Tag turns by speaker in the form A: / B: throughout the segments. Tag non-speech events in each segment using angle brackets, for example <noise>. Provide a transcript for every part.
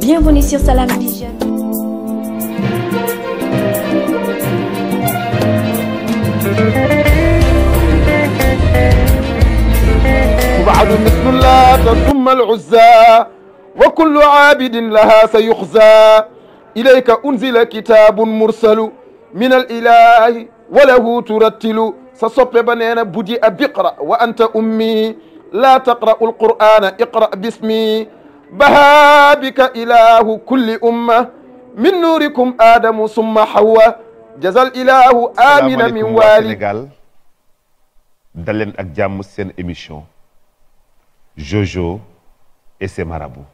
A: Bienvenue sur Salam Vision. وبعد مثل اللات ثم العزى وكل عابد لها سيخزى إليك أنزل كتاب مرسل من الإله وله ترتل سصب بنين بدي بقرأ وأنت أمي لا تقرأ القرآن اقرأ باسمي baha bika ilahu kulli umma min nuurikum aadamu summa hawa jazal
B: ilahu amina min waali
A: Sénégal dal leen ak jàmm seen émission Jojo et ses marabouts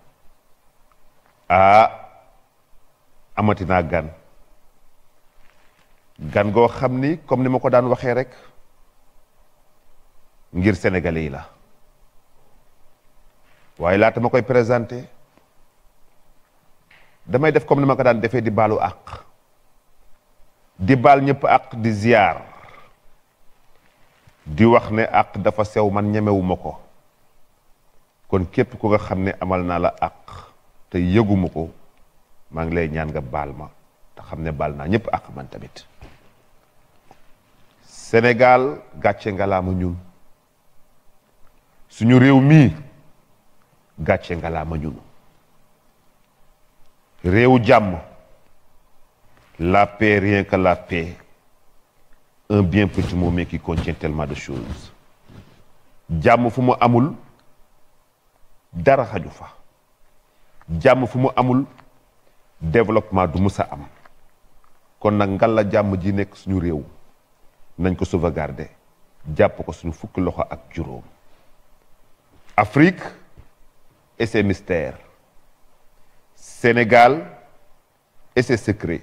A: ah amati naa gan gan goo xam ni comme ni ma ko daan waxee rek ngir sénégalais yi la waaye laata ma koy présenté damay def comme ni ma ko daan defee di baalu àq di baal ñëpp àq di ziar di wax ne àq dafa sew man ñemewuma ko kon képp ko nga xam ne amal naa la àq te yëguma ko maa ngi lay ñaan nga baal ma te xam ne baal naa ñëpp àq man tamit Sénégal gàcce nga laa ma ñun suñu réew mii gàcce nga laa ma ñun réew jàmm la rien que la un bien petit mot mais qui contient de choses jàmm fu mu amul dara xaju fa jàmm fu mu amul développement du musa am kon nag ngalla jàmm ji nekk suñu réew nañ ko sauvegarder jàpp ko suñu fukki loxo ak juróom Afrique et ses mystères, Sénégal et ses secrets,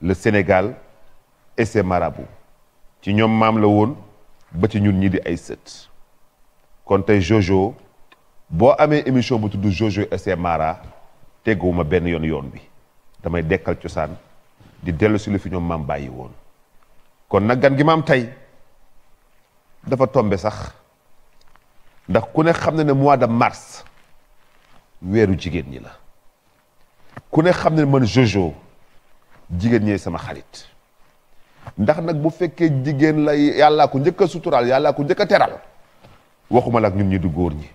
A: le Sénégal et ses marabouts ci ñoom maam la woon ba ci ñun ñi di ay sët kon tey Jojo boo amee émission bu tudd Jojo et ses mara tegguwuma benn yoon yoon bi damay dekkal cosaan di dellu si lu fi ñoom maam bàyyi woon kon nag gan gi maam tey dafa tombe sax ndax ku ne xam na ne mois de mars weeru jigéen ñi la ku ne xam ne man Jojo jigéen ñee sama xarit ndax nag bu fekkee jigéen la yàllaa ko njëkk a suturaal yàllaa ko njëkk a teral waxuma la ak ñun ñi du góor ñi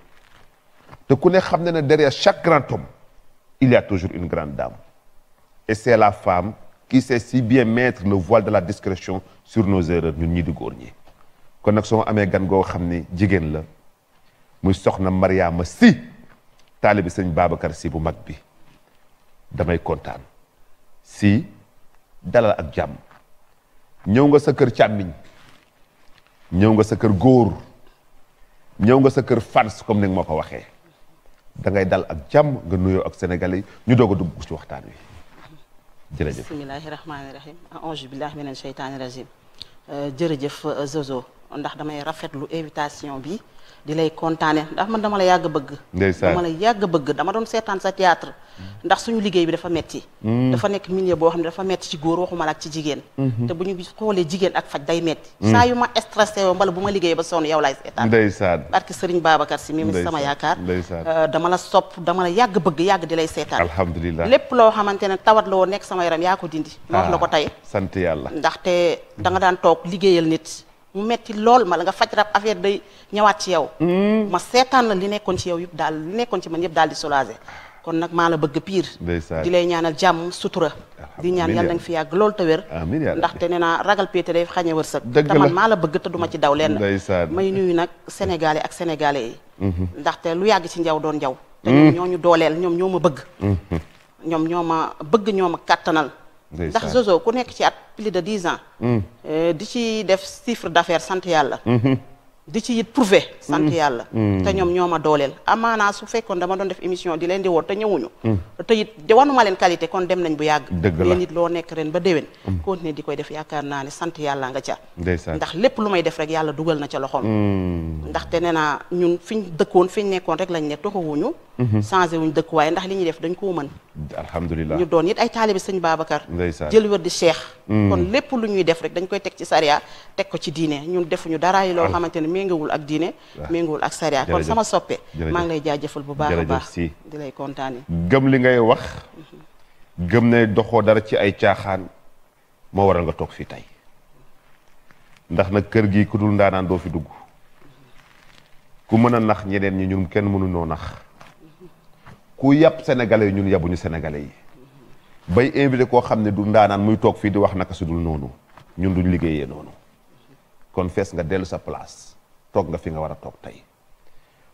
A: te ku ne xam ne ne derrière chaque grand homme il y toujours une grande dame et c'est la femme qui sait si bien mettre le voile de la discrétion sur nos erreurs ñun ñii di góor ñi kon nag soo amee gan goo xam ni jigéen la muy soxna Mariama Sy taalibi sëñ Babacar si bu mag bi damay kontaan si dalal ak jàmm ñëw nga sa kër càmmiñ ñëw nga sa kër góor ñëw nga sa kër fans comme ni nga ko waxee da ngay dal ak jàmm nga nuyoo ak sénégalais ñu doog a dugg ci waxtaan wi jërëjëf
B: bismillahi rahmaani rahim ange billahi minan sheytaani rajim euh, jërëjëf euh, Zozo ndax damay rafetlu invitation bi di lay kontaane ndax man dama la yàgg bëgg. ndeysaan dama la yàgg bëgg dama doon seetaan sa théâtre mm. ndax suñu liggéey bi dafa metti mm. dafa nekk milieu boo xam ne dafa metti ci góor waxuma la ak ci jigéen. Mm-hmm. te bu ñu xoolee jigéen ak faj day metti mm. saa yu ma stressé yow mbala bu ma liggéey ba sonn yow laay seetaan. ndeysaan barki Serigne Babacar si mi sama yaakaar. Euh, dama la sopp dama la yàgg bëgg yàgg di lay seetaan.
A: alhamdulilah lépp
B: loo xamante ne tawat la woon nekk sama yaram yaa ko dindi. ma wax la ah, ko tey
A: sant yàlla
B: ndaxte da mu metti lool ma la nga faj rab affaire day ñëwaat ci yow. Hmm. ma seetaan la li nekkoon ci yow yëpp daal li nekkoon ci man yëpp daal di soulager. kon nag maa la bëgg piir di lay ñaanal jàmm sutura di ñaan yàlla na nga fi yàgg loolu te wér ndaxte ne naa ragal péete day xañe wërsëg te maa la bëgg te duma ci daw lenn may nuyu nag sénégalais ak sénégalais yi mhm. ndaxte lu yàgg ci njaw doon njaw mhm. te ñoom ñoo ñu dooleel ñoom ñoo ma bëgg mhm. ñoom ñoo ma bëgg ñoo ma kàttanal ndax Jojo ku nekk ci at plus de dix ans. Mm. Eh, di ci def chiffre d'affaires sant yàlla. Mm-hmm. di ci it prouvé sant mm. yàlla mm. te ñoom ñoo ma dooleel amaanaa su fekkoon dama doon def émission di leen di woo te ñëwuñu mm. te it di wanuma leen qualité kon dem nañ bu yàgg dëgg la nit loo nekk ren ba déwén continuer di koy def yaakaar naa ne sant yàlla nga ca ndax lépp lu may def rek yàlla dugal na ca loxoom ndaxte naa ñun fiñ dëkkoon fiñ nekkoon rek lañ ne toxawuñu mm-hmm. changé wuñ dëkkuwaay ndax li ñuy def dañ koo mën ñu doon it ay taalibi sëñ Babacar jël wér di cheikh kon lépp lu ñuy def rek dañ koy teg ci sariya teg ko ci diine ñun defuñu dara yi loo xamante ne méngawul ak diine méngawul ak sariya kon sama soppe maa ngi lay jaajëfal bu baax a baax di lay kontaane
A: gëm li ngay wax gëm ne doxoo dara ci ay caaxaan moo waral nga toog fii tey ndax na kër gi ku dul ndaanaan doo fi dugg ku mën a nax ñeneen ñi ñun kenn mënuñoo nax ku yàpp sénégalais yi ñun yàbbuñu sénégalais yi bay invité koo xam ne du ndaanaan muy toog fii di wax naka si dul noonu ñun duñ liggéeyee noonu kon fees nga dellu sa place toog nga fi nga war a toog tey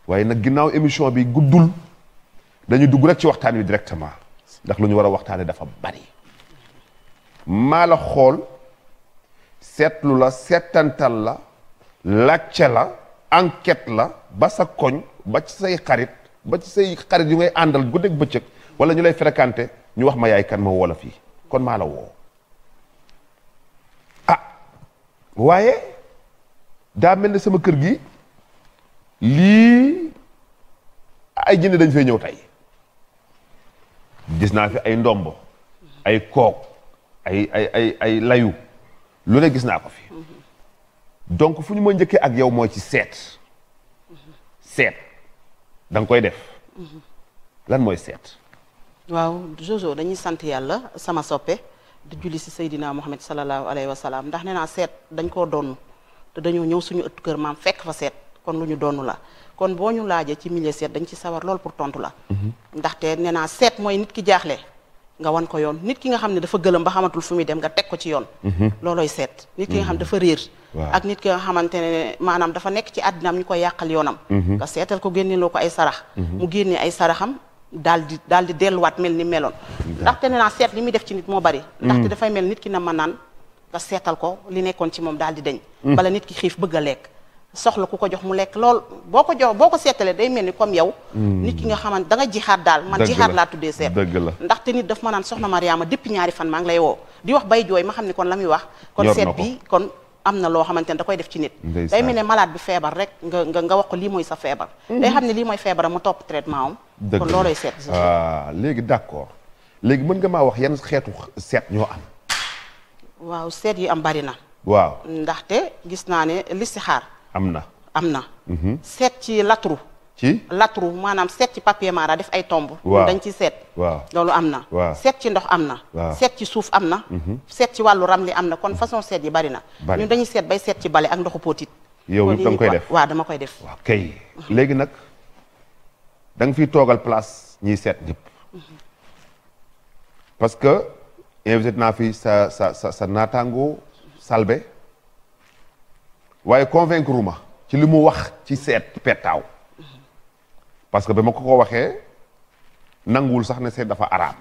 A: waaye nag ginnaaw émission bi guddul dañuy dugg rek ci waxtaan wi directement ndax lu ñu war a waxtaane dafa bari maa la xool seetlu la seetantal la lacce la enquête la ba sa koñ ba ci say xarit ba ci say xarit yu ngay àndal guddeeg bëccëg wala ñu lay fréquenté ñu wax ma yaay kan ma woo la fii kon maa la woo ah waaye daa mel ne sama kër gi lii ay jinne dañ fee ñëw tey gis naa fi ay ndombo ay kook ay ay ay layu lu ne gis naa ko fi donc fu ñu ma njëkkee ak yow mooy ci seet seet da koy def lan mooy seet
B: waaw Jojo dañuy sant yàlla sama soppe di julli si Seydina Muhammad sallallahu alayhi wa salaam ndax nee naa seet dañ koo doon te dañoo ñëw suñu ëttu kër maam fekk fa seet kon lu ñu doonu la kon boo ñu laajee ci milieu seet dañ ci sawar lool pour tontu la mhm. ndaxte nee naa seet mooy nit ki jaaxle nga wan ko yoon nit ki nga xam ne dafa gëlëm ba xamatul fu muy dem nga teg ko ci yoon mhm. loolooy seet nit ki nga xam mhm. dafa réer ak nit ki nga xamante ne maanaam dafa nekk ci àddinaam ñu koy yàqal yoonam nga seetal ko génne loo ko ay sarax mu génnee ay saraxam daal di daal di delluwaat mel ni meloon ndaxte nee naa seet li muy def ci nit moo bari ndaxte dafay mel nit ki na ma nga seetal ko li nekkoon ci moom daal di dañ hmm. bala nit ki xiif bëgg a lekk soxla ku ko jox mu lekk lool boo ko jox boo ko seetalee day mel ni comme yow hmm. nit ki nga xamante da nga jixaat daal man jixaat laa tuddee seet dëgg la ndaxte nit daf ma naan soxna Mariama depuis ñaari fan maa ngi lay woo wax bay jooy ma xam ne kon la muy wax kon seet kon am na loo xamante ne da koy def ci nit day mel ne malaat bi feebar rek nga nga wax ko lii mooy sa feebar hmm. day xam ne lii mooy feebaram mu topp traitement am kon looloy seet
A: ah, léegi d'accord léegi mën nga maa wax yan xeetu seet ñoo am
B: waaw seet yi am bari na. waaw ndaxte gis naa ne listixaar. am na am na. Mhm. seet ci latru. ci latru maanaam seet ci papier mara def ay tomb. waaw dañ ci seet. waaw loolu am na. seet ci ndox am na. seet ci suuf am na. Mhm. seet ci wàllu ramli am na kon façon seet yi bari na. ñun dañuy seet bay seet ci bale ak ndoxu potit. yow yëpp da nga koy def waa dama koy def. waaw
A: kay mhm. léegi nag da nga fiy toogal place ñiy seet ñëpp. invité naa fi sa sa sa sa Salbe waaye convaincre ma ci li mu wax ci seet pettaaw parce que ba ma ko ko waxee nanguwul sax ne seet dafa araam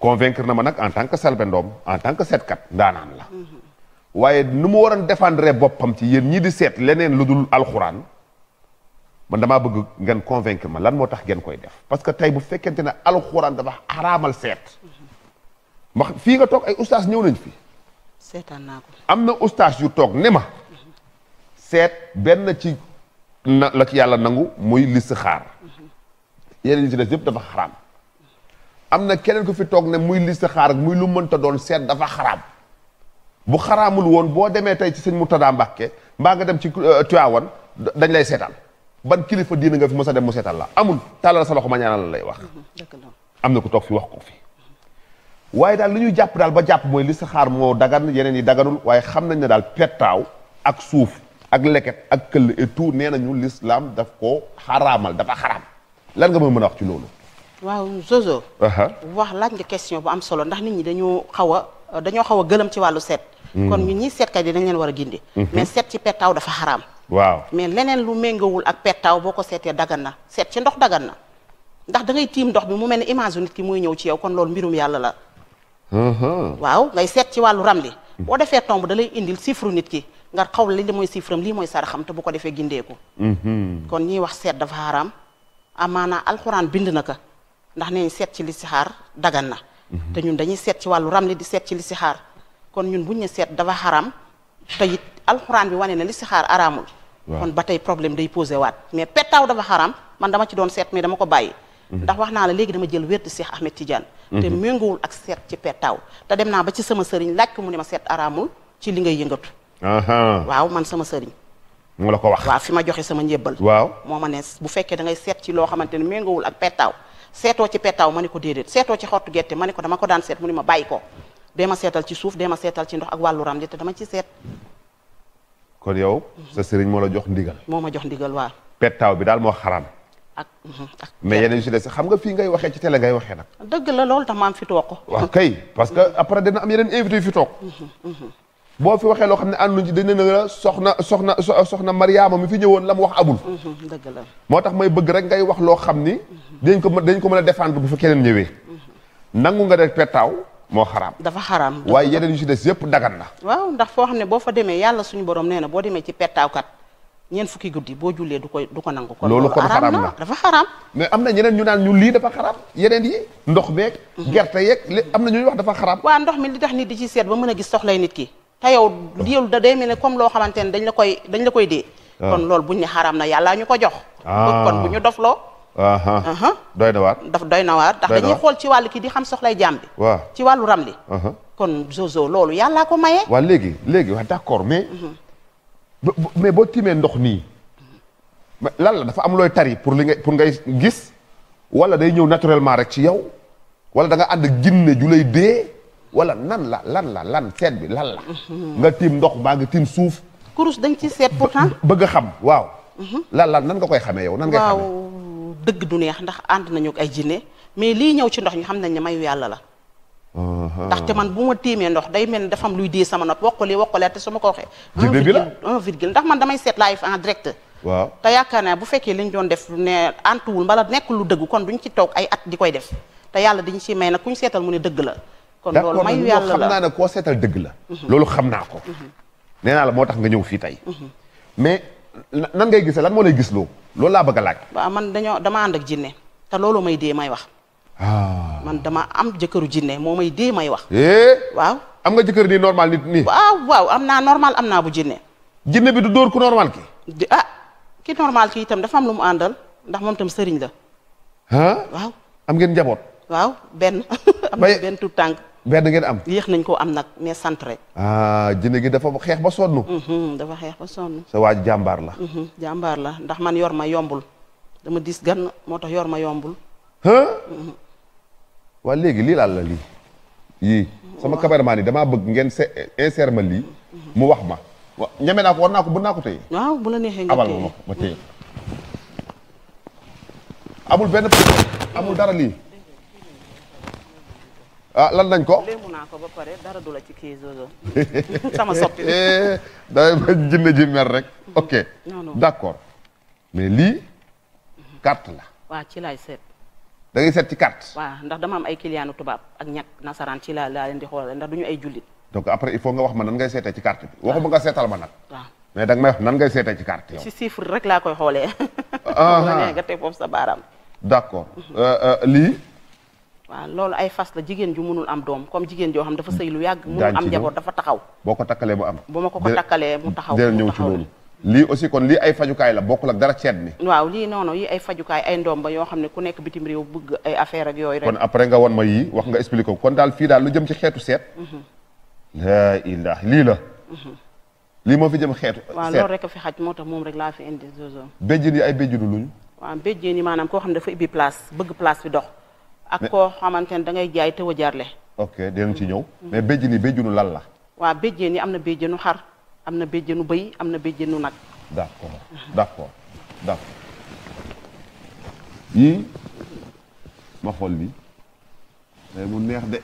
A: convaincre na ma nag en tant que Selbé en tant que seetkat ndaanaan la mhm. waaye nu mu waroon défendre boppam ci yéen ñii di seet leneen lu dul alxuraan man damaa bëgg ngeen convaincre ma lan moo tax ngeen koy def parce que tey bu fekkente ne alxuraan dafa xaraamal seet wax fii nga toog ay ustaas ñëw nañ fi
B: seetaan naa ko
A: am na ustaas yu toog ne ma seet benn ci la ci yàlla nangu muy listixaar yeneen yi ci des yëpp dafa xaraam am na keneen ku fi toog ne muy list listixaar muy lu mënta doon seet dafa xaraam bu xaraamul woon boo demee tey ci sëñ Murtada Mbàkke mbaa nga dem ci euh, Tiwaawan dañ lay seetaan ban kilifa diina nga fi mos a dem mu seetal la amul tàllal sa loxo ma ñaanal la lay wax. Mhm. am na ku toog fi wax ko fi. waaye daal li ñuy jàpp daal ba jàpp mooy li saxaar moo dagan yeneen yi daganul waaye xam nañ ne daal pettaaw ak suuf ak leket ak këll et tout nee nañu lislaam daf ko xaraamal dafa xaraam lan nga ma mën a wax ci loolu.
B: waaw Jojo. wax laaj nga question bu am solo ndax nit ñi dañoo xaw a dañoo xaw a gëlëm ci wàllu seet. Hmm. kon ñun ñii seetkat yi dañ leen war a gindi. Hmm. mais seet ci pettaaw dafa xaraam.
C: waaw mais
B: leneen lu méngawul ak pettaaw boo ko seetee dagan na seet ci ndox dagan na ndax dangay tiim ndox mi mu mel ni image nit ki muy ñëw ci yow kon loolu mbirum yàlla la
C: uh-huh.
B: waaw ngay seet ci wàllu ramli boo defee tomb da indil chiffre nit ki nga xaw li mooy chiffre am lii mooy saraxam te bu ko defee gindeeku uh-huh. kon ñiy wax seet dafa haram amaana alxuraan bind na ko ndax nee seet ci listixaar dagan na uh-huh. te ñun dañuy seet ci wàllu ramli di seet ci listixaar kon ñun buñ ne seet dafa haram te alxuraan bi wane na li listixaar araamul kon ba tey problème day posé waat mais pettaaw dafa xaraam man dama ci doon seet mais dama ko bàyyi mhm. ndax wax naa la léegi dama jël wér di Cheikh Ahmed Tidiane mhm. te méngoowul ak seet ci pettaaw te dem naa ba ci sama sëriñ laaj mu ne ma seet araamul ci li ngay yëngatu waaw man sama sëriñ
A: moo la ko wax waaw
B: fi ma joxe sama njébbal waaw moo ma ne bu fekkee dangay seet ci loo xamante ne méngoowul ak pettaaw seetoo ci pettaaw ma ne ko déedéet seetoo ci xottu gerte ma ne ko dama ko daan seet mu ne ma bàyyi ko dee ma ci suuf dee ma seetal ci ndox wàllu ram di dama ci seet
A: kon yow. sa sëriñ moo la jox ndigal.
B: moo ma jox ndigal waaw.
A: pettaaw bi daal moo xaraam.
B: ak mhm, ak
A: mais yeneen yu si des xam nga fii ngay waxee ci télé ngay waxee nag.
B: dëgg la loolu tax ma am fi toog ko.
A: kay parce que après dina am yeneen invité yu fi toog.
B: Mhm, mhm.
A: boo fi waxee loo xam ne ànduñ ci dañ ne la soxna soxna soxna Mariama mi fi ñëwoon la mu wax abul. dëgg la moo tax may bëgg rek ngay wax loo xam ni. dañ ko mën dañ ko mën a défendre bu fa keneen ñëwee. nangu nga def pettaaw. moo xaraam
B: dafa xaraam waaye
A: yeneen yu ci des yëpp dagan na
B: waaw ndax foo xam ne boo fa demee yàlla suñu borom nee na boo demee ci pettaawkat ñeent fukki guddi boo jullee du ko du ko nangu kon loolu kon xaraam na dafa xaraam mais am na ñeneen ñu naan ñu lii dafa xaraam yeneen yi ndox meeg mhm. gerte yeeg am na ñuy wax dafa xaraam mi li tax nit di ci seet ba mën gis soxlay nit ki te yow yow da day mel ne comme loo xamante ne dañ la koy dañ la koy dee ah. kon loolu buñ ne xaraam na yàlla ñu ko jox ah. kon bu ñu dofloo doy na waar daf doy na waar ndax xool ci wàllu kii di xam soxlay jaam bi waaw ci wàllu ram li kon zozo loolu yàllaa ko maye
A: waaw léegi léegi waaw d'accord mais
B: mhm.
A: mais boo tiimee ndox nii lan la dafa am looy tari pour li nga pour ngay gis wala day ñëw naturellement rek ci yow wala da nga ànd ginne ju lay dee wala nan la lan la lan seet bi lan
B: la mhm. nga
A: tiim ndox baa nga tiim suuf
B: kurus dañ ci seet pourtant
A: bëgg xam waaw mhm. lan lan nan nga koy xamee yow nan ngay
B: xamee dëgg du neex ndax ànd nañu ak ay jinne mais lii ñëw ci ndox ñu xam nañ ne mayu yàlla
A: la te man
B: bu ma tiimee ndox day mel ni dafa am luy dee sama nopp wokkali wokkali te su ma ko waxee jinne bi la un ndax man damay seet live en direct waaw te yaakaar naa bu fekkee li doon def ne antuwul mbala nekk lu dëgg kon duñ ci toog ay at di koy def te yàlla dañu ci may nag kuñ seetal mu ne dëgg la kon loolu mayu yàlla la xam naa ne
A: koo seetal dëgg la mhm. loolu xam naa ko mhm. nee naa la moo tax nga ñëw fii tey
B: mhm.
A: nan ngay gisee lan moo lay gis loo lool laa bëgg a laaj.
B: waaw man dama ànd ak jinne te looloo may dee may wax.
A: Ah.
B: man dama am jëkkëru jinne moo may dee may wax. Eh? waaw. am nga jëkkër nii normal nit nii. waaw waaw am naa normal am naa bu jinne. jinne bi du dóor ku normal ki di ah ki normal ki itam dafa am lu mu àndal ndax moom tam sëriñ la. ah waaw. am ngeen njaboot. waaw benn <laughs> am na benn tuut tànk. benn ngeen am. yéex nañ koo am nag mais sant rek.
A: ah jinne gi dafa xeex ba sonn.
B: Mhm, dafa xeex ba sonn. sa
A: waa jàmbaar la.
B: Mhm, jàmbaar la ndax man yor ma yombul dama dis gan moo tax yor ma yombul. Mhm.
A: waa léegi lii laal la lii. yii sama cameraman yi damaa bëgg ngeen se insérer ma lii. mu wax ma wa ñeme naa ko war naa ko bu naa ko tey.
B: waaw bu la neexee nga abal ma
A: amul benn amul dara lii. ah lan lañ ko. léemu
B: naa ko ba pare dara du ci kii zozo
A: <laughs> sama soppi. <laughs> day ba jinne ji mer rek.
B: ok d'
A: accord mais lii carte la.
B: waaw ci laay seet. da ngay seet ci carte. waaw ndax dama am ay client tubaab ak ñàkk nasaraan ci laa laa ndi di xoolal ndax du ñu ay jullit.
A: donc après il faut nga wax ma nan ngay seetee ci carte bi. waxuma nga seetal ma nag. waaw mais danga may wax nan ngay seetee ci carte yow. ci
B: chiffre rek laa koy xoole
A: <laughs> ah. nga
B: teg foofu sa baaraam.
A: d' euh, euh, lii.
B: waaw loolu ay fas la jigéen ju mënul am doom comme jigéen joo xam dafa sëy lu yàgg mënul am jaboot dafa taxaw
A: boo ko takkalee mu am bu ma ko ko takkalee mu taxaw dinañ ñëw ci loolu lii aussi kon lii ay fajukaay la bokkul ak dara ceet mi
B: waaw lii noonu yii ay fajukaay ay ndoom ba yoo xam ne ku nekk bitim réew bëgg ay affaire ak yooyu rek kon après
A: nga won ma yii wax nga expliqué ko kon daal fii daal lu jëm ci xeetu seet mhm. laa ilaah lii la mhm. lii moo fi jëm xeetu waaw loolu rek
B: a fi xaj moo tax moom rek laa fi indi
A: béjjin yi ay béjjinu luñu
B: waaw béjjin yi maanaam koo xam ne dafa ibbi place bëgg place bi dox ak koo xamante ne da ngay jaay te wajaarle
A: ok dinañ ci ñëw mais béjjën yi béjjënu lan la
B: waa béjjën yi am na béjjënu xar am na béjjënu bëy am na béjjënu nag
A: d'accord d'accord xool bi day neex de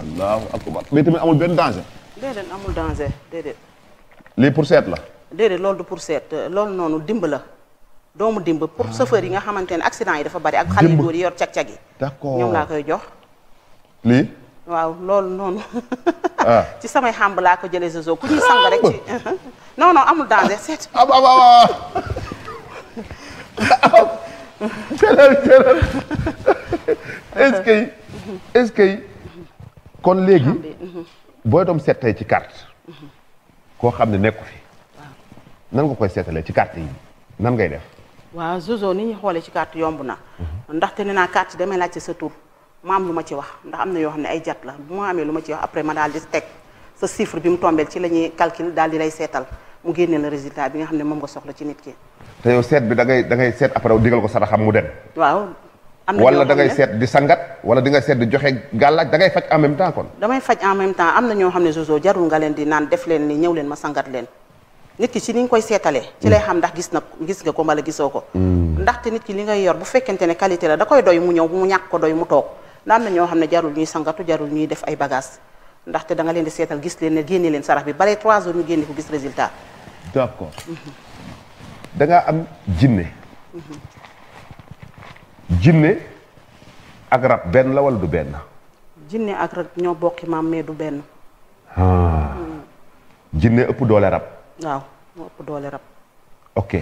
A: allahu akbar tamit amul benn danger
B: déedéet amul danger déedéet
A: lii pour seet la
B: déedéet loolu du pour seet loolu noonu dimb la doomu dimb pour ah. chauffeur yi nga xamante ne accident yi dafa bari ak xale yu góor yi yor cag-cag yi d'accord koy jox waaw loolu noonu ah. <laughs> ci samay xàmb laa ko jëlee zozo ku ñuy sang rek ci <laughs> amul danger seet
A: ah, ce que kon léegi mhm. booy doom seet ci carte mhm. koo xam ne nekku fi nan nga koy seetalee ci carte yi nan ngay def
B: waa Zozo ni ñu xoolee ci carte yomb na mhm. ndaxte ne naa carte damay laaj ci sa tur ma am lu ma ci wax ndax am na yoo xam ne ay jat la bu ma amee lu ma ci wax après ma daal di teg sa bi mu tombeel ci la ñuy calcul daal di lay seetal mu génne la résultat bi nga xam ne moom nga soxla ci nit ki.
A: seet bi da ngay da ngay seet après digal ko saraxam mu
B: waaw am na wala da ngay seet
A: di sangat wala di nga seet joxe gàllaaj da ngay faj en même temps
B: en même temps am ñoo xam ne Zozo jarul nga leen di naan def leen ni ñëw leen ma sangat leen nit ki ci ni ñu koy seetalee ci lay mm. xam ndax gis na gis nga ko mbala gisoo ko mm. ndaxte nit ki li ngay yor bu fekkente ne qualité la da koy doy mu ñëw mu ñàkk ko doy mu toog nda am ñoo xam ne jarul ñuy sangatu jarul ñuy def ay bagage ndaxte da nga leen di seetal gis leen ne génne leen sarax bi bale trois jours ñu génne ko gis résultat
A: d'accord mm-hmm. da ngaa am jinne mm-hmm. jinne ak rab benn la wala du benn
B: jinne ak rab ñoo bokki maam mais du benn
A: ah. mm. jinne ëpp doole rab
B: waaw moo ëpp doole rab.
A: ok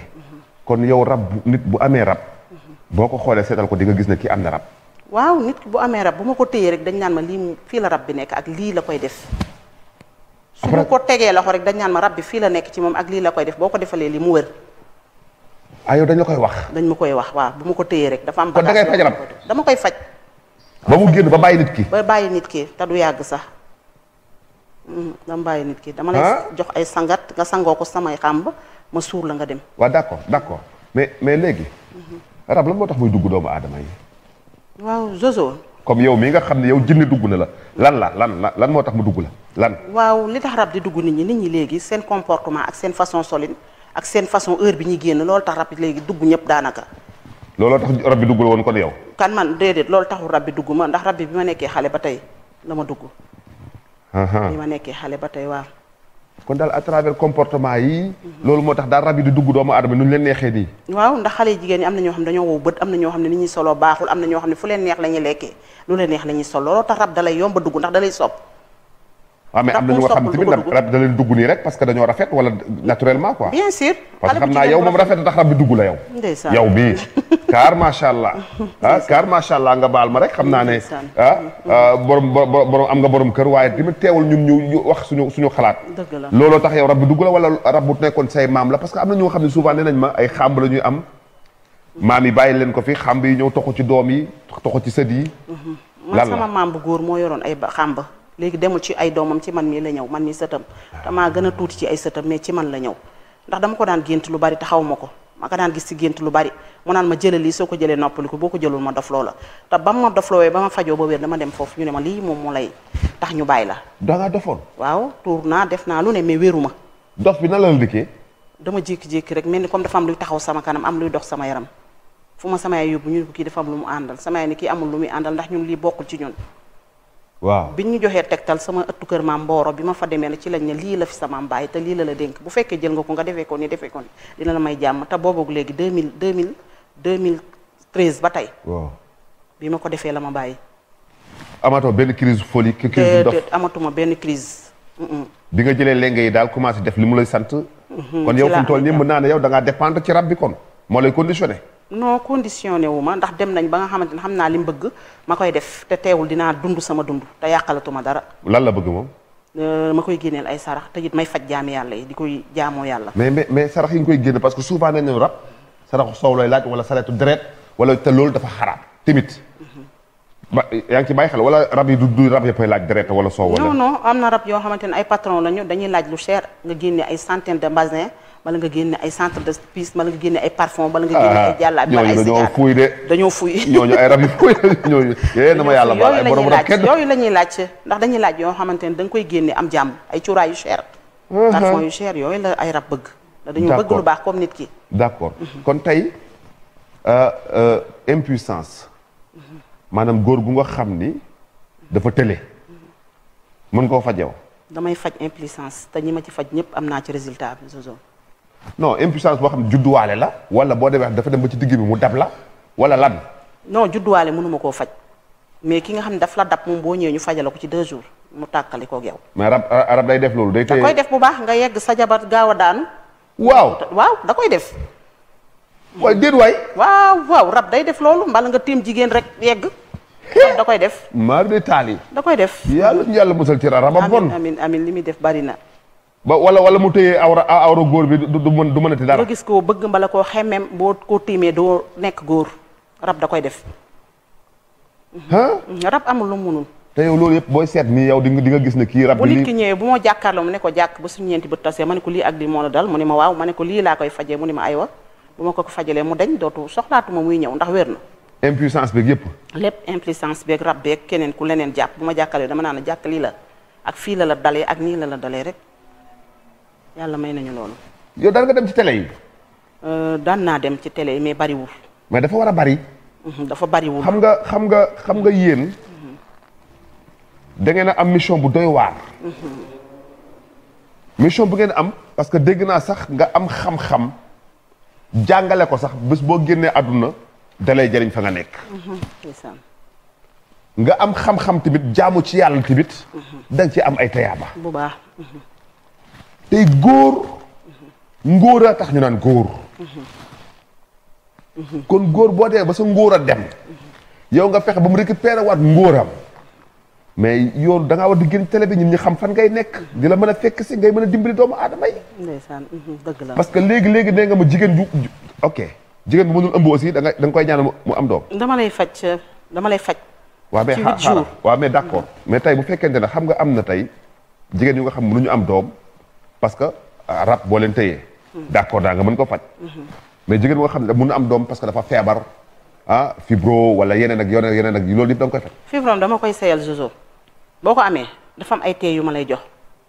A: kon yow rab nit bu amee rab. boo ko xoolee seetal ko di nga gis na kii am na rab.
B: waaw nit bu amee rab bu ma ko téyee rek dañ naan ma lii fii la rab bi nekk ak lii la koy def. su ma ko tegee loxo rek dañ naan ma rab bi fii la nekk ci moom ak lii la koy def boo ko defalee li mu wër.
A: ah dañ koy wax.
B: dañ ma koy wax waaw bu ma ko téyee rek. dafa am bagage da ngay dama koy faj.
A: ba mu génn ba bàyyi nit ki. ba
B: bàyyi nit ki te du yàgg sax. dama bàyyi nit ki dama lay ah? jox ay sangat nga sangoo ko samay xàmb ma suur la nga dem
A: waaw d'accord d'accord mais mais léegi mhm. rab la moo tax muy dugg doomu aadama yi
B: waaw zozo
A: comme yow mii nga xam ne yow jinne dugg na la lan la lan la lan moo tax mu dugg la lan
B: waaw li tax rab di dugg nit ñi nit ñi léegi seen comportement ak seen façon solin ak seen façon heure bi ñuy génn loolu tax rab léegi dugg ñëpp daanaka
A: looloo tax rab bi dugg la woon kon yow
B: kan man déedéet loolu taxul rab bi dugg ma ndax rab bi bi ma nekkee xale ba tey la ma dugg ni ma nekkee xale ba tey waaw
A: kon daal à travers comportement yi loolu moo tax daal rab yi di dugg doomu aadama nu ñu leen neexee nii
B: waaw ndax xale jigéen ñi am na ñoo xam ne dañoo wow bët am na ñoo xam ne ni ñuy solo baaxul am na ñoo xam ne fu leen neex la ñuy lekkee lu leen neex la ñuy sol looloo tax rab dalay yomb a dugg ndax dalay sopp
A: waaw ah, mais am na ñu nga xam tamit rab da leen dugg nii rek parce que dañoo rafet wala naturellement naa yow moom rafet tax rab bi dugg la yow. ndeysaan yow bii <laughs> kaar macha allah. ah kaar allah nga baal ma rek xam naa ne. Ah, ah borom borom am nga borom kër waaye tamit teewul ñun ñu ñu wax suñu suñu xalaat.
C: dëgg la looloo
A: tax yow rab bi dugg la wala rab bu nekkoon say maam la parce que am na ñu xam ne souvent nee nañ ma ay xàmb la ñuy am. maam yi bàyyi leen ko fi xamb yi ñëw toxu ci doom yi toxu ci sët yi. Mm-hmm. lan la man sama
B: maam moo yoroon ay xàmb léegi demul ci ay doomam ci man mii la ñëw man mii sëtam ah. damaa gën a tuuti ci ay sëtam mais ci man la ñëw ndax dama ko daan gént lu bari taxaw ma ko ma ko daan gis ci gént lu bari mu naan ma jëlal lii soo ko jëlee noppaliku boo ko jëlul ma dofloo la te ma dofloowee ba ma fajoo ba dama dem foofu ñu ne ma moom mu lay tax ñu bàyyi la dangaa dofoon waaw tuur naa def naa lu ne mais wéru ma
A: dof bi na la dikkee
B: dama jékki-jékki rek mel ni comme dafa luy taxaw sama kanam am luy dox sama yaram fu ma sama yaay yóbbu ñu ne ko kii dafa lu mu àndal sama yaay ni kii amul lu muy àndal ndax ñun lii bokkul ci ñun waaw bi ñu joxee tegtal sama ëttu kër maam Mbooro bi ma fa demee na ci lañ ne lii la fi sa maam te lii la la dénk bu fekkee jël nga ko nga defee ko ni defee ko ni dina la may jàmm te boobu léegi 2000 2000 2013 ba tey. waaw ma ko defee la ma bàyyi.
A: amatoo benn crise folie. crise
B: amatuma benn crise.
A: bi nga jëlee lenge yi daal commencé def li mu lay sant.
B: Mm-hmm. kon yow fu mu toll nii mën
A: naa ne yow da ngaa dépendre ci rab kon moo lay conditionné.
B: non conditionné wu ma ndax dem nañ ba nga xamante ne xam naa li mu bëgg ma koy def te teewul dinaa dund sama dund te yàqalatuma dara.
A: lan la bëgg moom.
B: Euh, ma koy génneel ay sarax te it may faj jaami yàlla yi di koy jaamoo yàlla.
A: mais mais mais sarax yi nga koy génne parce que souvent nee nañu rab saraxu soow lay laaj wala sareetu deret wala te loolu dafa xaraam tamit. Mm-hmm. ba yaa ngi ci bàyyi xel wala rab yi du du rab yëppay laaj deret wala soow. wala
B: non am na rab yoo xamante ne ay patron lañu dañuy laaj lu cher nga génne ay centaine de basin. wala nga génne ay centre de piste wala nga génne ay parfum wala nga génne ah, ay jàllaab dañoo
A: fuuy de dañoo fuuy <laughs> ñooñu <laughs> na ma yàlla baal ay borom rab kenn
B: yooyu la ñuy laaj ndax dañuy laaj yoo xamante ne da koy génne am jàmm ay cuuraay yu cher mm-hmm. parfum yu cher yooyu la ay rab bëgg da dañoo bëgg lu baax comme nit ki
A: d'accord mm-hmm. kon tey euh, euh, impuissance mm-hmm. maanaam góor gu nga xam ni dafa tële mën koo fajew
B: damay faj impuissance te ñi ma ci faj ñëpp am naa ci résultat bi Jojo
A: non impuissance boo xam ne judduwaale la wala boo demee dafa dem ba ci digg bi mu dab la wala lan
B: non judduwaale mënuma koo faj mais ki nga xam ne daf la dap moom boo ñëwee ñu fajala ko ci deux jours mu tàkkali koog yow
A: mais rab day def loolu day da koy def
B: bu baax nga yegg sa jabar gaaw a daanu waaw waaw da koy def waaw déet waay waaw waaw rab day def loolu mbala nga tiim jigéen rek yegg da koy def
A: maar de taal yi da koy def yàlla ñu yàlla musal ci rabam bon
B: amin amin li muy def bari na ba wala wala mu tëyee awra awra góor bi du mën du mënati dara. gis ko bëgg mbala koo xemmeem boo ko tiimee doo nekk góor rab da koy def. rab amul lu mu munul.
A: te yow loolu yëpp booy seet gis ne kii rab. bu
B: ñëwee bu ma jàkkaarloo ne ko jàkk ba suñu ñeenti bët tasee ko lii ak lii moo dal mu ne ma waaw ma ne ko lii laa koy fajee mu ne ma wax bu ma ko ko fajalee mu deñ dootu soxlaatuma muy ñëw ndax wér na.
A: impuissance beeg yëpp.
B: lépp impuissance beeg rab beeg keneen ku leneen jàpp bu ma jàkkaarloo dama naan jàkk lii la ak fii la la dalee ak nii la la dalee rek yàlla may nañu loolu. yow daan nga dem ci tele yi. Euh, daan naa dem ci télé yi mais bariwul.
A: mais dafa war a bari.
B: dafa bariwul xam
A: nga xam nga xam nga yéen. da ngeen am mission bu doy waar. mission bu ngeen am parce que dégg naa sax nga am xam-xam jàngale ko sax bés boo génnee àdduna dalay jëriñ fa nga nekk. nga am xam-xam tamit jaamu ci yàlla tamit. da ci am ay tayaaba. bu baax. tey góor ngóor a tax ñu naan góor kon góor boo dee ba sa ngóor dem yow nga fexe ba mu récupéré waat ngóoram mais yow danga war di génn télé bi ñun ñu xam fan ngay nekk di la mën a fekk si ngay mën a dimbali doomu aadama yi
B: ndeysaan mhm, dëgg parce que
A: léegi léegi ne nga ma jigéen ju ok jigéen bu mënul ëmb aussi da nga da koy ñaan mu am doom
B: dama lay faj dama lay faj waaw mais xaaral
A: waaw mais d'accord mhm. mais tey bu fekkente ne xam nga am na tey jigéen yu nga xam ñu am doom parce que euh, rab boo leen tëyee. Mm-hmm. d'accord daa nga mën ko faj. Mm-hmm. mais jigéen boo xam ne mun na am doom parce que dafa feebar ah fibro wala yeneen ak yeneen yeneen ak loolu yëpp da nga koy faj.
B: fibrom dama koy seeyal Jojo boo ko amee dafa am ay tee yu ma lay jox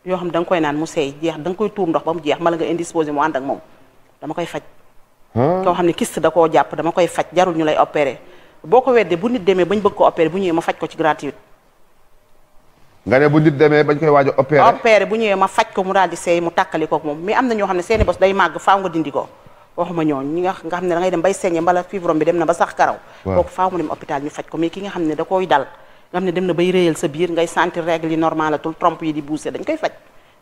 B: yoo xam da nga koy naan mu seey jeex danga koy tuur ndox ba mu jeex mala nga indisposé mu ànd ak moom dama koy faj. koo xam ne kist da koo jàpp dama koy faj jarul ñu lay opéré boo ko weddee bu nit demee bañ bëgg ko opéré bu ñëwee ma faj ko ci gratuite.
A: nga ne bu nit demee bañ koy waaj a opéré opéré
B: bu ñëwee ma faj ko mu daal di seey mu tàkkali kook moom mi am na ñoo xam ne seeni bos day màgg faaw nga dindi ko waxuma ñooñu ñi nga xam ne da ngay dem bay saigné mbala fibrome bi dem na ba sax karaw kooku faaw mu dem hôpital ñu faj ko mais ki dem na bay réyal sa biir ngay sentir règle yi normal atul trompe yi di bousé dañ koy faj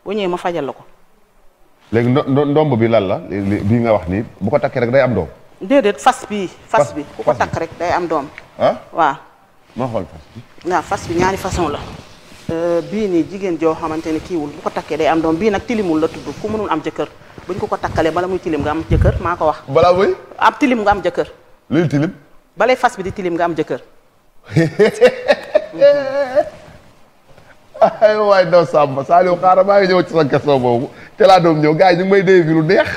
B: boo ma fajal la ko
A: léegi ndomb bi lan la bii nga wax nii bu ko takkee rek day am doom
B: déedéet fas bi fas bi ku ko takk rek day am doom waa ah? waaw ma xool fas bi waaw fas bi façon la Euh, bii nii jigéen joo xamante ne kiiwul bu ko takkee day am doom bii nag tilimul la tudd ku mënul am jëkkër buñ ko ko takkalee bala muy tilim nga am jëkkër maa ko wax. balaa muy. am tilim nga am jëkkër. luy tilim. balay fas bi di tilim nga am jëkkër.
C: <laughs>
B: ay waay daw Samba
A: Saliou xaaral maa ngi ñëw ci sa question boobu te laa doon ñëw gars ñu may dégg lu neex.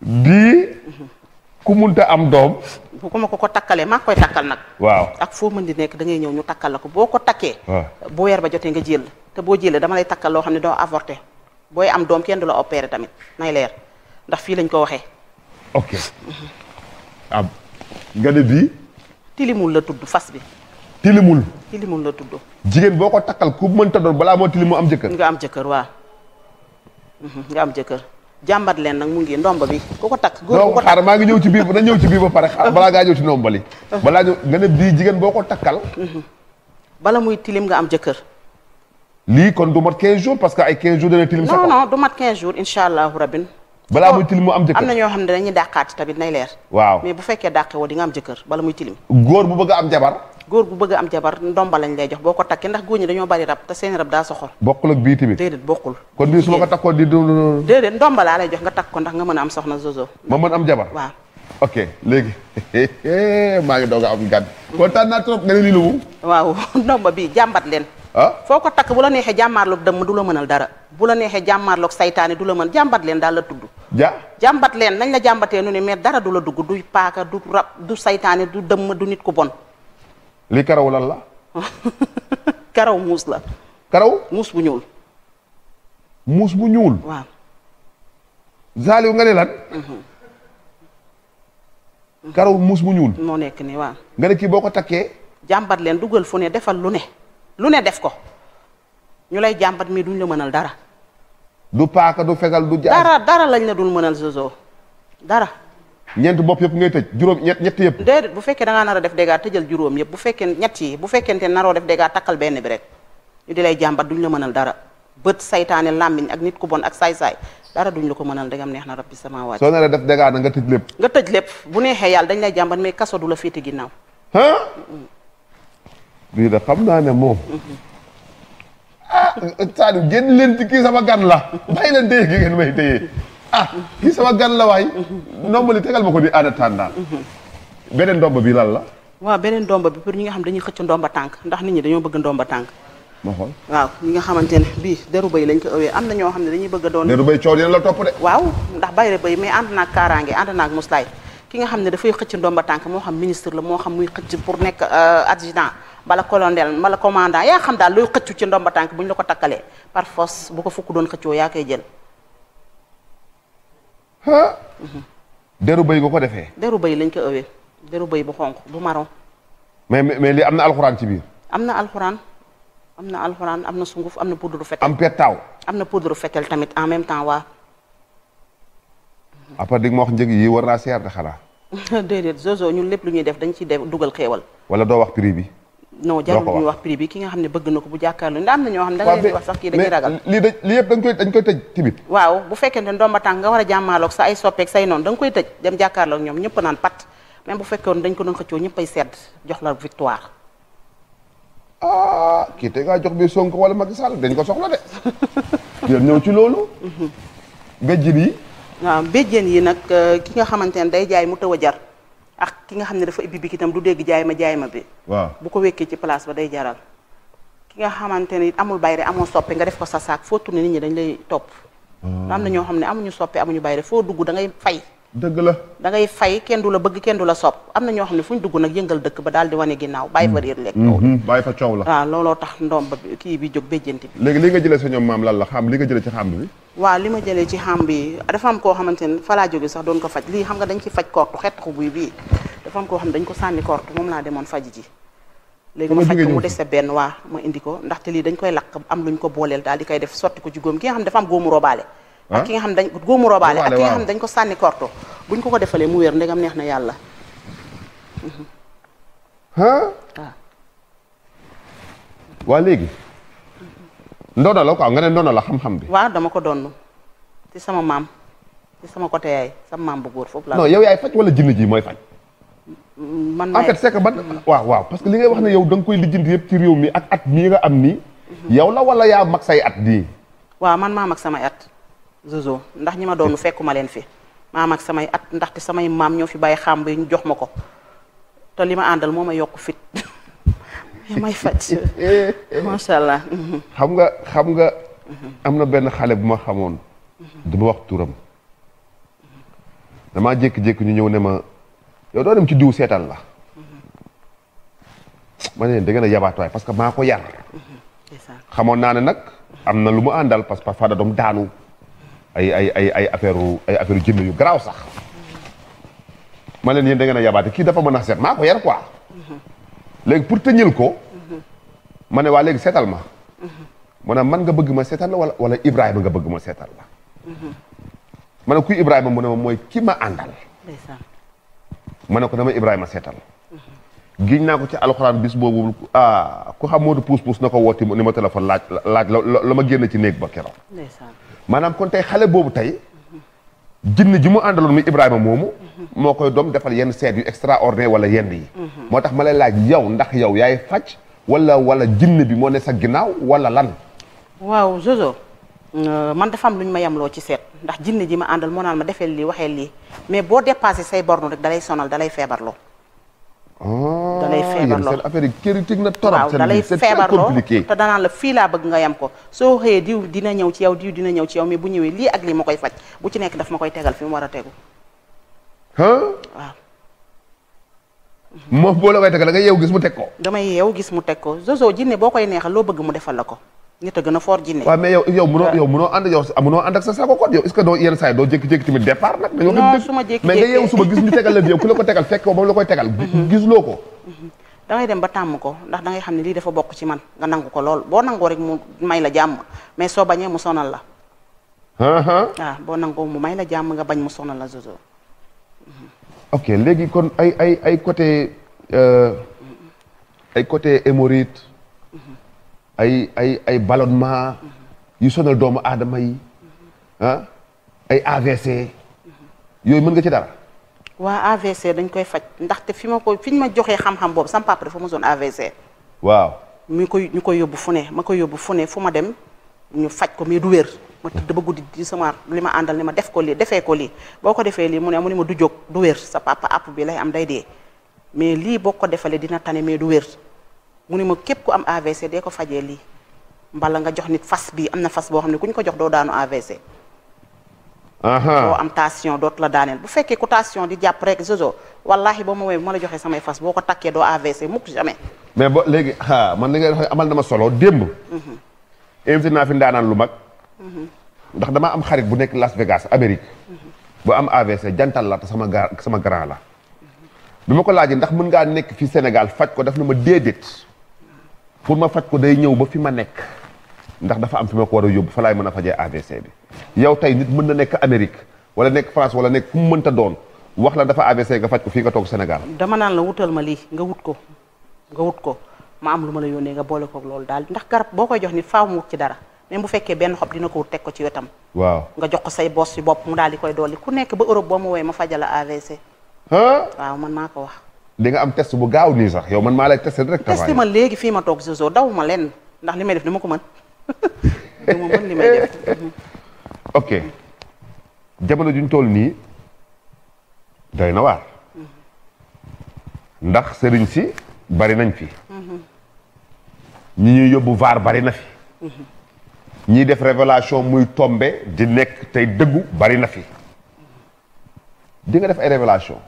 A: bii. <laughs> <laughs> ku munta am doom.
B: bu ma ko ko takkalee maa koy takkal nag. waaw ak foo mën di nekk da ngay ñëw ñu takkal la ko boo ko takkee. bu weer ba jotee nga jël te boo jëlee dama lay takkal loo xam ne doo avorté booy am doom kenn la opéré tamit nay leer ndax fii lañ ko waxee.
A: ok mhm. am nga
B: la tudd fas bi. tilimul. tilimul la tudd.
A: jigéen boo ko takkal ku mënta doon balaa moo tilimu am jëkkër. nga
B: am jëkkër waaw mhm, nga am jëkkër. jàmbat leen nag mu ngi ndomba bi ku ko takk. góor
A: bu ko xaaral maa ngi ñëw ci biir ba dañu ñëw ci biir ba pare xaaral <laughs> balaa ngaa ñëw ci ndombali. <laughs> balaa nga
B: ne bii boo ko takkal. Mhm. bala muy tilim nga am jëkkër. lii kon du mat parce que ay 15 jours dana tilim. sa non non du mat 15 jours incha allahu rabin. balaa oh, muy tilim mu am jëkkër am na ñoo xam ne dañuy dàqaat tamit nay leer. mais bu fekkee dàqe woo nga am jëkkër bala muy tilim. góor bu bëgg a am jabar. góor gu bëgg am jabar ndomba lañ lay jox boo ko takkee ndax góor ñi dañoo bari rab te seen rab daa soxor
A: bokkul ak bii tamit déedéet
B: bokkul kon bii su ma ko di dund déedéet ndomba laa lay jox nga takk ko ndax nga mën a am soxna zozo ma mën am jabar waaw
A: ok léegi <laughs> maa ngi doog a am gan
B: kontaan naa trop nga ne lii lu waaw <laughs> ndomba bi jàmbat leen ah? foo ko takk bu la neexee jàmmaarloog dëmm du la mënal dara bu la neexee jàmmaarloog saytaane du la mën jàmbat leen daal la tudd ja jàmbat leen nañ la jàmbatee nu ne mais dara du la dugg du paaka du du saytaane du dëmm du nit ku bon
A: li karaw lan la. <laughs>
B: karaw muus la. karaw muus bu ñuul.
A: muus bu ñuul.
B: waaw. Saliou nga ne lan. Mhm. karaw muus bu ñuul. moo nekk ni waaw. nga ne kii boo ko takkee. jàmbat leen dugal fu ne defal lu ne. lu ne def ko. ñu lay jàmbat mii duñ la mënal dara.
A: du paaka du fegal du. jaar
B: dara lañ la dul mënal zozo dara.
A: ñeent bopp yëpp ngay tëj juróom ñett ñett yëpp
B: bu fekkee da a nar a def dégâts tëjal juróom yëpp bu fekkee ñett yi bu fekkente naroo def dégâts takkal benn bi rek ñu di lay jàmbat duñ la mënal dara bët saytaane làmmiñ ak nit ku bon ak saay-saay dara duñ la ko mënal dagam neex na rabbi sama waaj soo naree
A: def dégâts na nga tëj lépp
B: nga tëj lépp bu neexee yàlla dañ lay jàmbat mais kaso du la féete ginnaaw
A: ah bii da xam naa ne moom ah Sadio génn leen la <laughs> ah kii sama gan la waay ndombali tegal ma ko ni aada tàndaan beneen ndomb bi lan la
B: waaw beneen ndomba bi pour ñi nga xam dañuy xëcc ndomba tànk ndax nit ñi dañoo bëgg ndomba tànk ma xool waaw nga xamante ne bii deru béy lañ ko ëwee am na ñoo xam ne dañuy bëgg doon deru béy coow dina la topp de waaw ndax bayre béy mais ànd naag kaaraange ànd naag muslaay ki nga tànk moo xam ministre la moo xam muy xëcc pour nekk euh, adjudant bala colonel bala commandant yaa xam daal looy xëccu ci ndomba tànk bu ñu la ko takkalee par force bu ko fukk doon xëccoo yaa koy jël ah.
A: deru bëy nga ko defee.
B: deru bëy lañ ko awee deru bëy bu xonq bu marron.
A: mais mais lii am na alxuraan ci biir.
B: am na alxuraan am na alxuraan am na sunguf am na poudre fetel. am pettaaw. am na poudre fetel tamit en même temps waa.
A: après di nga ma wax njëg yi war naa seer de xanaa.
B: <laughs> déedéet zozo ñun lépp lu ñuy def dañ ciy def dugal xéewal.
A: wala doo wax prix bi.
B: non jarul ñuy wax prix bi ki nga xam ne bëgg na ko bu jàkkaarloo ndax am na ñoo xam ne da nga leen di wax sax kii dañuy ragal lii dañ
A: lii yëpp dañ koy dañ koy tëj
B: waaw bu fekkee ne ndomba tànk nga war a jàmmaaloog sa ay soppeek say noonu koy tëj dem jàkkaarloog ñoom ñëpp naan pat bu fekkoon dañ ko doon xëccoo ñëpp ay jox la victoire
A: ah, kii te ngaa bi Sonko wala Macky Sall dañ ko soxla de <laughs> yoon ci loolu mhm. béjjën yi
B: waaw yi nag euh, ki nga xamante ne day jaay mu taw a jar ak ki nga xam ne dafa ibbi bi itam du dégg jaay ma jaay ma bi. bu ko wekkee ci place ba day jaral. ki nga xamante ne amul bayre amoo soppe nga def ko sa saak foo tourné nit ñi dañ lay topp. Ah. am na ñoo xam ne amuñu soppe amuñu bayre foo dugg dangay fay. dëgg la da ngay fay kenn du la bëgg kenn du la sopp am na ñoo xam ne fu ñu dugg nag yëngal dëkk ba daal di wane ginnaaw bàyyi fa réer lekk mhm, bàyyi fa coow la waaw ah, looloo tax kii bi jóg béjjanti bi
A: léegi li la xam li nga jëlee ci xamb bi
B: waaw li ma jëlee ci xamb yi dafa am koo xamante ne fa jóge sax doon ko faj lii xam nga dañ ci faj kortu xettaxu buy bii dafa am koo xam ne dañ ko sànni kortu moom laa demoon faj ji léegi ma faj mu des sa benn waa ma indi ko ndaxte lii dañ koy lakk am luñ ko booleel daal di koy def sotti ko ci góom gi nga xam ne dafa am góomu robaale Ah? ak ki nga xam dañ góomu robaale ak ki nga xam dañ ko sànni korto ñu ko ko defalee mu wér ndegam neex na yàlla ah.
A: waa léegi ndono la quoi nga ne ndono la xam-xam bi
B: waaw dama ko donn sama maam sama côté yaay sama maam bu góor la non yow yaay faj wala jinn man en fait c'est que ban
A: waaw parce que li ngay wax ne yow da nga koy lijjanti yëpp ci réew mi ak at mii nga am nii mhm. yow la wala yaa mag say at nii
B: waaw man maa mag samay at Zozo ndax ñi ma doonu fekkuma leen fi maam samay at ndaxte samay maam ñoo fi bàyyi xàmb yi ñu jox ma ko te li ma àndal moo ma yokk fit <laughs> may faj <laughs> macha allah. xam nga xam nga. Mhm.
A: am na benn xale bu ma xamoon. Mhm. wax turam. damaa jékki ñu ñëw ne ma yow doo dem ci diw seetaan la. Mhm. ma ne leen da ngeen a parce que maa ko yar. xamoon naa ne nag am na lu mu àndal parce que parfois daanu. ay ay ay ay affaire ay affaire jëmm yu garaaw sax ma leen yéen da ngeen a yabaate kii dafa mën a seet maa ko yar quoi léegi pour tëñal ko ma ne waa léegi seetal ma ma ne man nga bëgg ma seetal la wala wala Ibrahima nga bëgg ma seetal la ma ne kuy Ibrahima mu ne ma mooy ki ma àndal ma ne ko dama Ibrahima seetal giñ naa ko ci alxuraan bis boobu ah ku xam Modou pousse pousse na ko wooti ni ma téléphone laaj laaj la ma génn ci néeg ba keroog maanaam kon tey xale boobu tey jinn ji mu àndaloon muy Ibrahima moomu moo koy doom defal yenn seet yu extraordinaire wala yenn yi moo tax ma lay laaj yow ndax yow yaay faj walla wala jinn bi moo ne sa ginnaaw wala lan
B: waaw Jojo euh, man dafa am lu ñu ma loo ci seet ndax jinn ji ma àndal moo naan ma defeel lii waxeel lii mais boo dépassé say borno rek dalay sonal dalay feebarloo
A: Ah, da lay feebarloo seen affaire yi critique na torop. waaw da lay feebarloo te
B: danaan la fii laa bëgg nga yem ko. soo xëyee diw dina ñëw ci yow diw dina ñëw ci yow mais bu ñëwee lii ak lii ma koy faj bu ci nekk daf ma koy tegal fi mu war a tegu. waaw. moom boo la koy tegal da nga yeew gis mu teg ko. damay yeew gis mu teg ko zozo jinne boo koy neexal loo bëgg mu defal la ko. nit a gën a fort jinne waaw
A: mais yow yow mënoo yow mënoo ànd yow mënoo ak sa saako code yow est ce que doo yenn saa yi doo jékki-jékki tamit départ nag dañoo non su ma jékki-jékki mais nga yeewu suba gis ko tegal fekk ko ba la koy tegal mm-hmm. gisuloo ko mm-hmm.
B: da dem ba tàmm ko ndax da xam ne lii dafa bokk ci man nga nangu ko lool boo nangoo rek mu may la jàmm mais soo bañee mu sonal la uh-huh. ah, boo nangoo mu may la jàmm nga bañ mu sonal la zozo mm-hmm.
A: ok léegi kon ay ay ay côté euh, ay côté hémorroïde ay ay ay ballonnement yu sonal doomu aadama yi ah yooyu mën nga ci dara.
B: waa AVC dañ koy faj ndaxte fi ma ko fi ñu ma joxee xam-xam boobu sama papa dafa mosoon AVC. waaw mi koy ñu koy yóbbu fu ne ma koy yóbbu fu ne fu ma dem ñu faj ko mais du wér. ma tëdd ba guddi di sama li ma àndal ni ma def ko lii defee ko lii boo ko defee lii mu ne mu ne ma du jóg du wér sa papa app bi lay am day dee mais lii boo ko defalee dina tane mais du wér. mu ne ma képp ku am AVC de ko fajee lii mbala nga jox nit fas bii am na fas boo xam ne ku ñu ko jox doo daanu AVC.
C: boo am
B: tension dootu la daaneel bu fekkee ku di jàpp rek zozo wallahi boo ma woowee ma la joxee samay fas boo ko takkee doo AVC mukk jamais.
A: mais bo léegi ah man li nga amal na ma solo démb. Mhm. invité naa fi ndaanaan lu mag. Mhm. ndax dama am xarit bu nekk Las Vegas Amérique. Mhm. boo am AVC jantal la sama gar sama grand la. bi ma ko laajee ndax mun ngaa nekk fii Sénégal faj ko def na ma déedéet. pour ma faj ko day ñëw ba fi ma nekk ndax dafa am fi ma ko war a yóbbu fa laay mën a fajee AVC bi yow tey nit mën na nekk Amérique wala nekk France wala nekk fu mu doon wax la dafa AVC nga faj fii nga toog Sénégal.
B: dama naan la wutal ma lii nga wut ko nga wut ko ma am lu ma la yónnee nga boole koog loolu daal ndax garab boo koy jox nit faaw mu wut ci dara même bu fekkee benn xob dina ko wut teg ko ci wetam. waaw nga jox ko say bos ci bopp mu daal di koy dolli ku nekk ba Europe boo ma woowee ma fajala AVC.
A: waaw man maa ko wax. di nga am test bu gaaw nii sax yow man maa lay testé rek. testé ma
B: léegi fii ma toog Jojo daw ma leen ndax li may def dama ko <laughs> mën li may mhm.
A: ok jamono juñ toll nii doy na waar. Mhm. ndax sëriñ si bari nañ fi. Mhm. ñi ñuy yóbbu vaar bari na fi. ñiy def révélation muy tombe di nekk tey dëggu bari na fi. di nga def ay révélation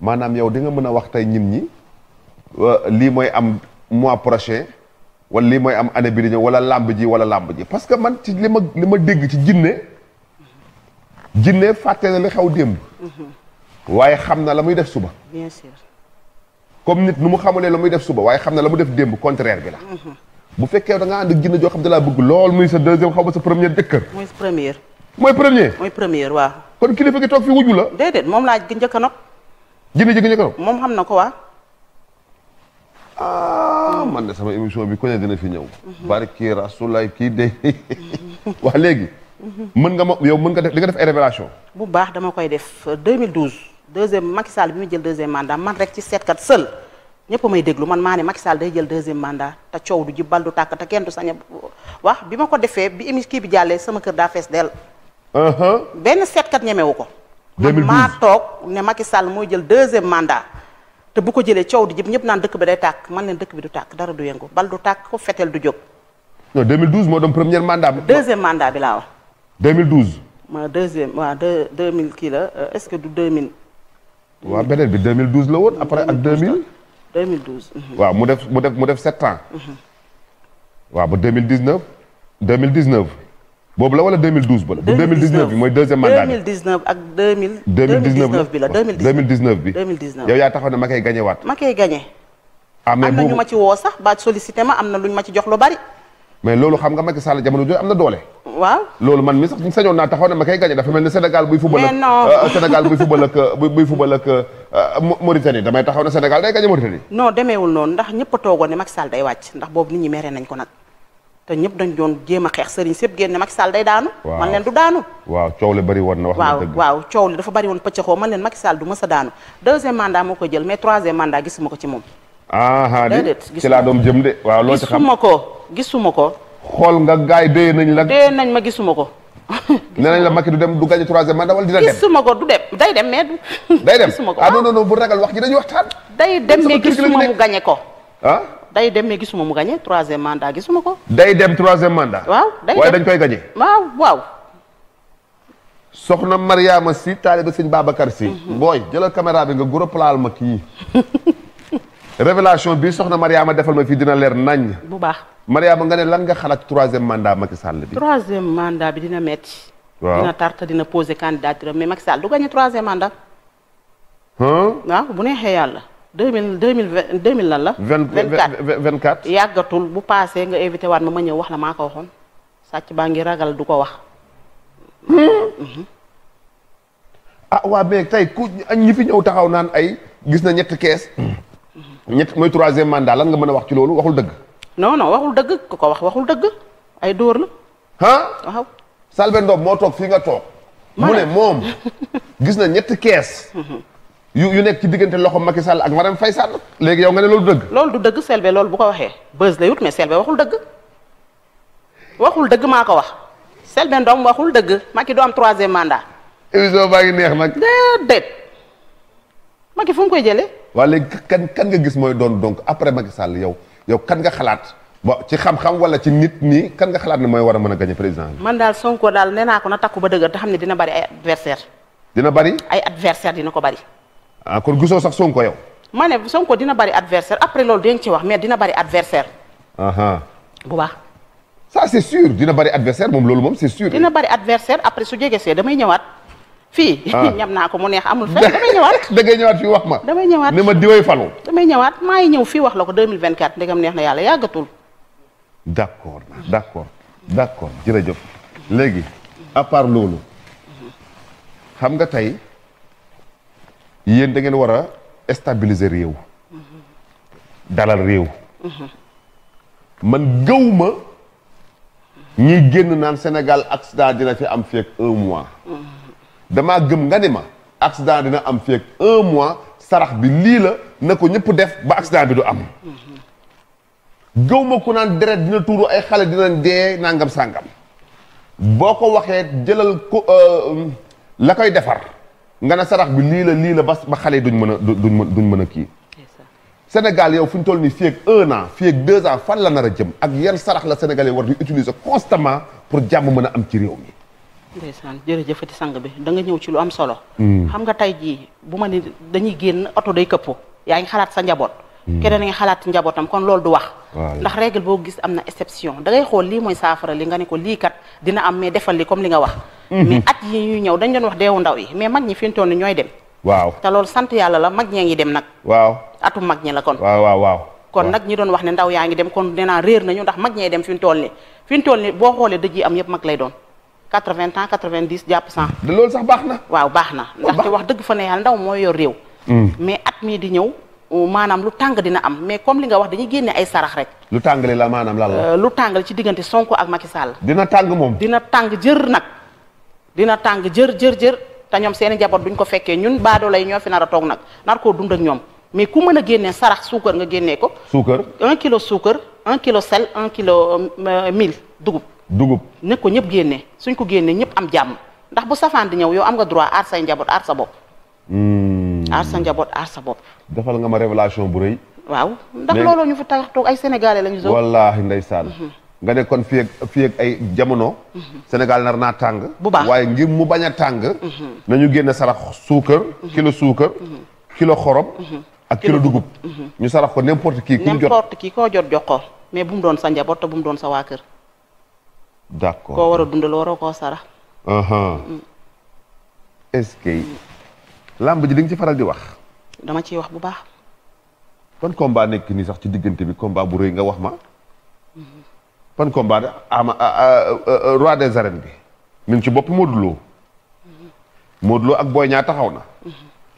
A: maanaam yow di nga mën a wax tey ñin ñi lii mooy am mois prochain wala lii mooy am année bi di ñëw wala làmb ji wala làmb ji parce que man ci li ma li ma dégg ci jinne jinne fàtte na li xew démb
C: mm-hmm.
A: waaye xam na la muy def suba bien sûr comme nit nu mu xamulee la muy def suba waaye xam na la mu def démb contraire bi la mm-hmm. bu fekkee da ngaa ànd ak jinne joo xam da bëgg lool muy sa deuxième xaw ma sa première jëkkër
B: mooy première mooy première mooy première waaw kon la déedéet moom laa njëkk jinne ji ñu ko moom xam na ko waa
A: ah man de sama émission bi ko ne dina fi ñëw mhm. barki rasulaay kii de <laughs> wax léegi mhm. mën nga ma yow mën nga def li nga def ay révélation
B: bu baax dama koy def 2012 euh, deuxième Macky Sall bi mu jël deuxième mandat man rek ci seetkat seul ñëpp may déglu man maa ne Macky Sall day jël deuxième mandat te coow du jibal du tàkk te kenn du sañ a wax bi ma ko defee bi émi kii bi jàllee sama kër daa fees dell uh-huh. benn seetkat ñemewu ko 2012 man maa toog ne Macky Sall mooy jël deuxième mandat. te bu ko jëlee coow di jëm ñëpp naan dëkk bi day tàkk man leen dëkk bi du tàkk dara du yëngu bal du tàkk ko fetel du jóg. non 2012 moo doon premier mandat bi. deuxième mandat bi laa wax.
A: 2012.
B: ma deuxième euh, est-ce que du 2000.
A: waaw beneen bi 2012 la woon après ak 2000.
B: 2012. Mhm. waaw mu
A: def mu def mu def sept ans. Mhm. waaw ba 2019. 2019. boobu la wala 2012 ba la. 2019 bi mooy deuxième mandat bi
B: 2019 ak 2000. 2019 bi la
A: 2019 bi 2019 yow yaa taxaw ne ma koy gagné waat. ma ah, am na ñu ma ci
B: woo sax ba sollicité ma am na ma ci jox jamono jooju am na doole. waaw
A: loolu man mi sax sañoon naa taxaw ne ma koy gagné dafa mel ni Sénégal buy football. mais non Sénégal buy football ak <laughs> euh, buy football ak euh, euh, Mauritanie damay taxaw ne Sénégal day gagné Mauritanie.
B: non demeewul noonu ndax ñëpp a toogoon ne Macky Sall day wàcc ndax boobu nit ñi mere nañ ko nag. te ñëpp dañ doon jéema a xeex sëriñ sëpp génne Macky Sall day daanu man leen du daanu
A: waaw coow li bëri woon na wax waaw
B: waaw coow li dafa bëri woon pëccëxoo man leen Macky Sall du mës a daanu deuxième mandat moo koy jël mais troisième mandat gisuma ko ci moom
A: aha déedéet laa doom jëm de waaw loo ci xam gisuma
B: ko gisuma ko xool nga gaay déye nañ la déye nañ ma gisuma ko
A: <laughs> nee nañ la Macky du dem du gagné troisième mandat wala dina dem gisuma
B: ko du dem day dem mais du day dem <laughs> gisuma ko ah non non non bu ragal wax ji dañuy waxtaan day dem mais gisuma mu gagné ko ah day dem mais gisuma mu gagné troisième mandat gisuma ko.
A: day dem troisième manda
B: waaw day dem waaye dañ koy gagné. waaw waaw.
A: soxna Mariama si taaliba sëñ Babacar si. Mhm. booy jëlal caméra bi nga goro plaal ma kii. <laughs> révélation bi soxna Mariama defal ma fii dina leer nañ. bu baax Mariama nga ne lan nga xalaat troisième mandat Macky
B: Sall bi. troisième mandat bi dina metti dina tarta dina poser candidature mais Macky Sall du gagné troisième mandat. waaw bu neexee yàlla. deux mille deux mille vingt deux mille lan la. vingt quatre yàggatul bu paasee nga invité waat ma ma ñëw wax la maa ko waxoon sàcc baa ngi ragal du ko wax. Hmm?
A: ah waa mais tey ku ñi fi ñëw taxaw naan ay gis na ñetti kees. ñett mooy troisième mandat lan nga mën a wax ci loolu waxul dëgg.
B: non non waxul dëgg ku ko wax waxul dëgg ay dóor la. ah waaw. Selbé moo toog fii nga toog. mu ne moom
A: gis na ñetti kees. <laughs> Mhm. yu yu nekk ci diggante loxo Macky Sall ak Marème Faye Sall léegi yow nga ne loolu
B: dëgg loolu du dëgg Selbé loolu bu ko waxee buzz lay wut mais Selbé waxul dëgg maa ko wax Selbé Ndom waxul dëgg Macky du am troisième mandat émission baa ngi neex nag déedéet Macky koy jëlee
A: waa léegi kan kan nga gis mooy doon donc après Macky Sall yow yow kan nga xalaat ba ci xam-xam wala ci nit nii kan nga xalaat ne mooy war a mën
B: man daal Sonko daal nee naa ko na takku ba dëgër te xam ne dina bari ay adversaire dina bari ay adversaire dina ko bari
A: ah kon gisoo sax Sonko yow.
B: ma ne Sonko dina bari adversaire après loolu dinañ ci wax mais dina bari adversaire.
A: bu baax. ça c'est sûr dina bari adversaire moom loolu moom c'est sûr. dina
B: bari après su jege see damay ñëwaat. fii ah. <laughs> ñam naa ko mu neex amul fenn damay ñëwaat. <laughs> da ñëwaat fii wax ma. damay ñëwaat
A: ne ma diwee falu.
B: damay ñëwaat maa ngi ñëw fii wax la ko 2024 ndegam neex na yàlla yàggatul.
A: d'accord d'accord d'accord jërëjëf léegi à part loolu xam nga tey. yéen da ngeen war a stabiliser réew dalal réew man gëw ma génn naan Sénégal accident dina fi am feek un mois damaa gëm nga ni ma accident dina am feek un mois sarax bi lii la na ko ñëpp def ba accident bi du am gëw ma ku naan deret dina tuuru ay xale dina dee nangam sàngam boo ko waxee jëlal ko euh, la koy defar nga ne sarax bi lii la lii la bas ba xale duñ mën a duñ duñ mën a kii Sénégal yow fu ñu toll nii fii ak un an fii ak deux ans fan la nar a jëm ak yan sarax la Sénégalais war di utiliser constamment pour jàmm mën a am ci réew mi.
B: ndeysaan jërëjëfati sang bi da nga ñëw ci lu am solo. Hmm. xam nga tey jii bu ma ne dañuy génn oto day këppo yaa ngi xalaat sa njaboot. Mm. keneen a xalaat njabootam kon loolu du wax ndax règle boo gis am na exception da ngay xool lii mooy saafara li nga ne ko lii kat dina am mais defal li nga wax mhm. mais at yi ñuy ñëw dañ doon wax deewu ndaw yi mais mag ñi fi ñu toll ñooy dem waaw te lool sant yàlla mag ñee ngi dem nag waaw atum mag ñi la kon waaw waaw waaw kon nag ñi doon wax ne ndaw yaa ngi dem kon nee naa réer nañu ndax mag ñee dem fi ñu toll ni fi ñu toll boo xoolee dëj yi am yëpp mag lay doon 80 ans 90 jàpp 100 loolu sax baax na waaw baax na ndaxte wax dëgg fa ne yàlla ndaw mooy yor réew mm. mais at mii di ñëw maanaam lu tàng dina am mais comme li nga wax dañuy génne ay sarax rek.
A: lu tàngali la maanaam lan la. Euh,
B: lu tàngali ci diggante Sonko ak Macky Sall.
A: dina tàng moom.
B: dina tàng jër nag dina tàng jër jër jër te ñoom seen i njaboot duñ ko fekkee ñun baadoo lay ñoo fi nar a toog nag nar koo dund ak ñoom mais ku mën a génnee sarax suukar nga génnee ko. suukar un kilo suukar kilo sel un kilo euh, mil dugub. dugub ne ñëpp génnee suñ ko génnee ñëpp am jàmm ndax bu safaan di ñëw yow am nga droit aar say njaboot aar sa bopp.
A: Hmm. Hmm. aar sa
B: njaboot aar sa bopp.
A: defal nga ma révélation bu rëy. waaw ndax looloo
B: ñu fi tax toog ay sénégalais lañu. zone
A: wallaahi ndeysaan. Hmm. nga ne kon fii ay jamono. Hmm. Sénégal nar naa tàng. bu baax waaye ngir mu bañ a tàng. nañu génn sarax suukar. kilo suukar. kilo xorom. ak kilo dugub. ñu sarax ko n'importe
B: qui. ko jot jot jox ko mais bu mu doon sa njaboot te bu mu doon sa waa kër. d'accord war a dundal waroo koo sarax.
A: est làmb ji di ci faral di wax.
B: dama ciy wax bu baax.
A: pan combat nekk nii sax ci diggante bi combat bu rëy nga wax ma. ban combat da ama roi des arènes bi. mi ngi ci bopp Modou Lo. ak Boy Niang taxaw na.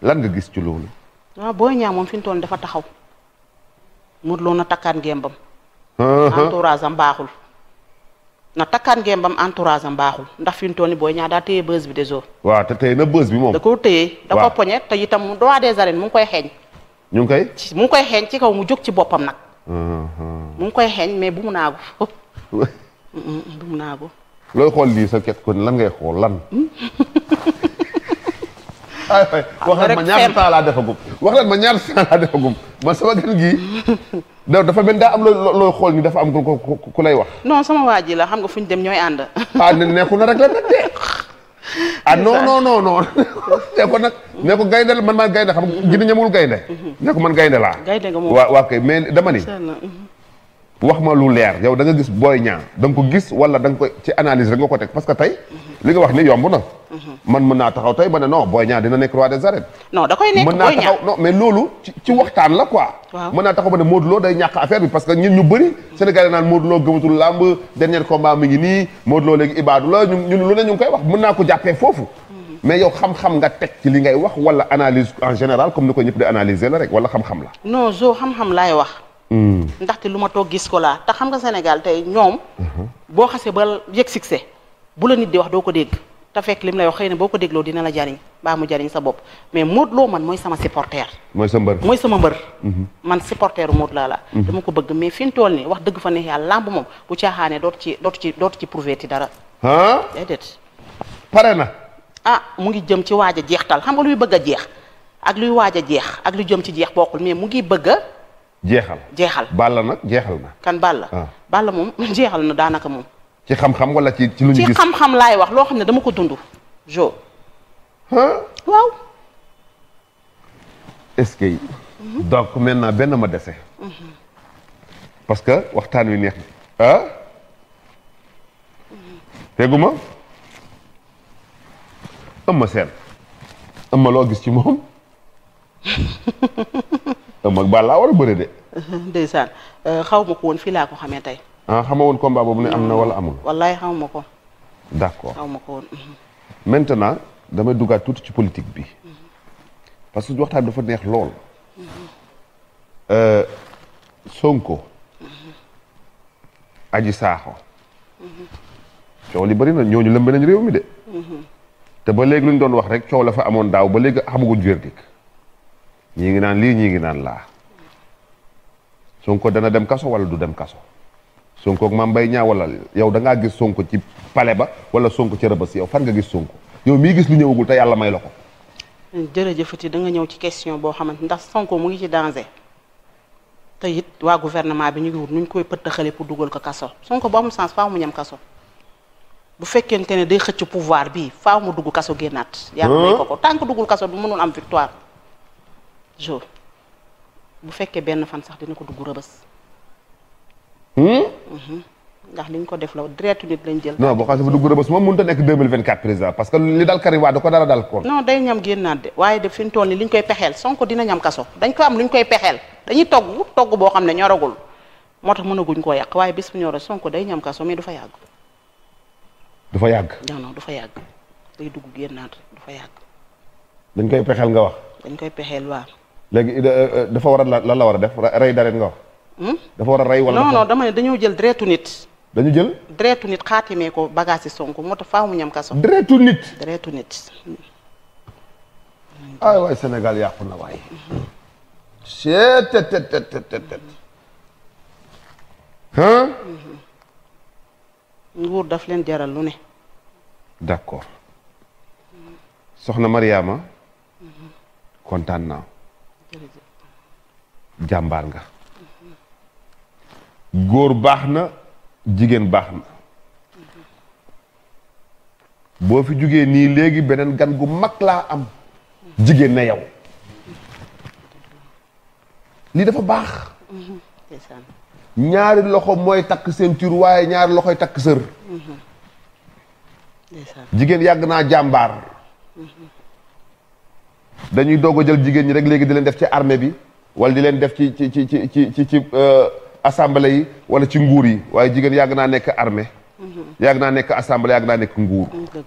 A: lan nga gis ci loolu.
B: booy ah, Boy moom fi mu toll dafa taxaw. Modou na takkaat ngembam.
A: Ah, ah. entourage
B: am baaxul. na takkaat ngeen bam entourage am baaxul ndax fi mu toll nii booy ñaar daa téye bës bi déjà.
A: waaw te téye na bës bi moom. da
B: koo téye da koo poñe te itam mu droit des arènes mu ngi koy xeeñ. ñu ngi koy. mu koy xeeñ ci kaw mu jóg ci boppam nag.
A: Mm-hmm.
B: mu ngi koy xeeñ mais bu mu naagu.
A: <laughs>
B: Mm-hmm, mm-hmm, bu mu naagu.
A: <laughs> looy xool lii sa ket kon lan ngay xool lan. <laughs> aywa
B: ah, wax leen ma ñaata
A: temps laa defagum wax leen ma ñaar temps laa defagum man sama gan gii <laughs> dafa mel daa am loo loo xool ni dafa am ku ku lay wax.
B: non sama waa ji la xam nga fu ñu dem ñooy ànd. a ah, nekkul na rek la rek de. <laughs> ah non <laughs>
A: nag ne ko gaynde la man maa gaynde xam nga gine ñamul gaynde mhm. ne man gaynde laa. gaynde nga moom waaw kay mais dama ni. wax ma lu leer yow da nga gis booy ñaa da nga ko gis wala da nga ko ci analyse rek nga ko teg parce que tey. li nga wax ni yomb na. man mën naa taxaw tey ma ne non booy ñaa dina nekk roi des arènes. naa
B: taxaw non mais
A: loolu ci ci waxtaan la quoi. waaw mën naa taxaw ma ne Modou Lo day ñu bëri. Sénégalais naan Modou Lo gëmatul làmb dernier combat mi ngi nii koy wax mën ko jàppee foofu. mais yow xam-xam nga teg ci li ngay wax wala analyse en général comme ni ko ñëpp di analyser la rek wala xam-xam la.
B: non zo xam-xam laay wax Mm. ndaxte lu ma toog gis ko laa te xam nga Sénégal tey ñoom. Mm-hmm. boo xasee ba yëg se bu la nit di wax doo ko dégg te fekk lim lay wax xëy na boo ko dégloo dina la jariñ baa mu jariñ sa bopp mais Modou Lo man mooy sama supporter.
A: mooy sa mbër mooy sama mbër. Mm-hmm.
B: man supporteru Modou Lo la mm-hmm. dama ko bëgg mais fi mu toll wax dëgg fa ne yàlla làmb moom bu caaxaanee dootu ci dootu ci dootu ci prouvé ti dara.
A: ah na.
B: ah mu ngi jëm ci waaj a jeextal xam nga luy bëgg a jeex ak luy waaj a jeex ak lu jëm ci jeex bokkul mais mu ngi bëgg a
A: jeexal jeexal Balla nag jeexal na. kan Balla. Ah.
B: Balla moom <laughs> jeexal na daanaka moom.
A: ci xam-xam wala ci ci lu ñu gis ci xam-xam
B: laay wax loo xam ne dama ko dund. jo. waaw.
A: est-ce que. donc benn ma dese. parce que waxtaan wi neex na. ah. tegu ma. ëmma seen. ëmma loo gis ci moom. <laughs> ëmm ak Balla war a bëre de.
B: <laughs> ndeysaan euh, xaw ma ko woon fii laa ko xamee tey.
A: ah xama woon combat boobu ne am na wala amul.
B: wallaay xaw ma ko. d' accord xaw ma ko woon. Mhm.
A: maintenant damay duggaat tuuti ci politique bi. Mhm. parce que waxtaan dafa neex lool. Mhm. Euh, Sonko. Aji Saaxo. coow li bëri na ñooñu lëmbe nañ réew mi de. te ba léegi lu ñu doon wax rek coow la fa amoon daaw ba léegi xamaguñ verdict ñii ngi naan lii ñii ngi naan laa Sonko dana dem kaso wala du dem kaso Sonko ak bay ñaaw Niang wala yow da ngaa gis Sonko ci pale ba wala Sonko ci rëbës yow fan nga gis Sonko yow mii gis lu ñëwagul te yàlla may la ko.
B: jërëjëfati da nga ñëw ci question boo xamante ndax Sonko mu ngi ci danger te it waa gouvernement bi ñu ngi wut nu ñu koy pëttaxalee pour dugal ko kaso Sonko bu amul sens faaw mu ñam kaso. bu fekkente ne day xëcc pouvoir bi faaw mu dugg kaso génnaat. yàlla may ko duggul kaso bi mënul am victoire. jo bu fekkee benn fan sax dina ko dugg rëbës. Hmm? Mhm. ndax liñ ko def la deretu nit lañ jël. non
A: boo xam ne bu dugg rëbës moom mënut a nekk 2024 président parce que li dal Karim Wade da ko dara dal koon.
B: non day ñam génnaat de waaye de fi mu toll liñ koy pexeel Sonko dina ñam kaso dañ ko am luñ koy pexeel dañuy togg togg boo xam ne ñoragul moo tax mënaguñ koo yàq waaye bis bu ñoree Sonko day ñam kaso mais du fa yàgg. du fa yàgg. non non du fa yàgg dugg génnaat rek du yàgg.
A: dañ koy pexeel nga wax.
B: dañ koy pexeel waaw.
A: léegi euh, euh, dafa war a lan la war a def rey dareet nga
B: wax. Hmm?
A: dafa war a rey wala. non
B: dama ne dañoo jël deretu nit. dañu jël. deretu nit xaatimee ko bagage yi Sonko moo tax faaw mu ñam kaso. deretu nit. deretu nit.
A: ay waay Sénégal
B: nguur daf leen jaral lu ne.
A: d'accord soxna Mariama kontaan naa. jàmbaar nga góor baax na jigéen baax na boo fi jógee nii léegi beneen gan gu mag laa am jigéen na yow lii dafa baax ñaari loxo mooy takk ceinture waaye ñaari loxoy takk sër jigéen yàgg naa jàmbaar dañuy doog a jël jigéen ñi rek léegi di leen def ci armée bi wala di leen def ci ci ci ci ci ci ci euh, assemblée yi wala ci nguur yi waaye jigéen yàgg naa nekk armée mm-hmm. yàgg naa nekk assemblée yàgg naa nekk nguur mm-hmm.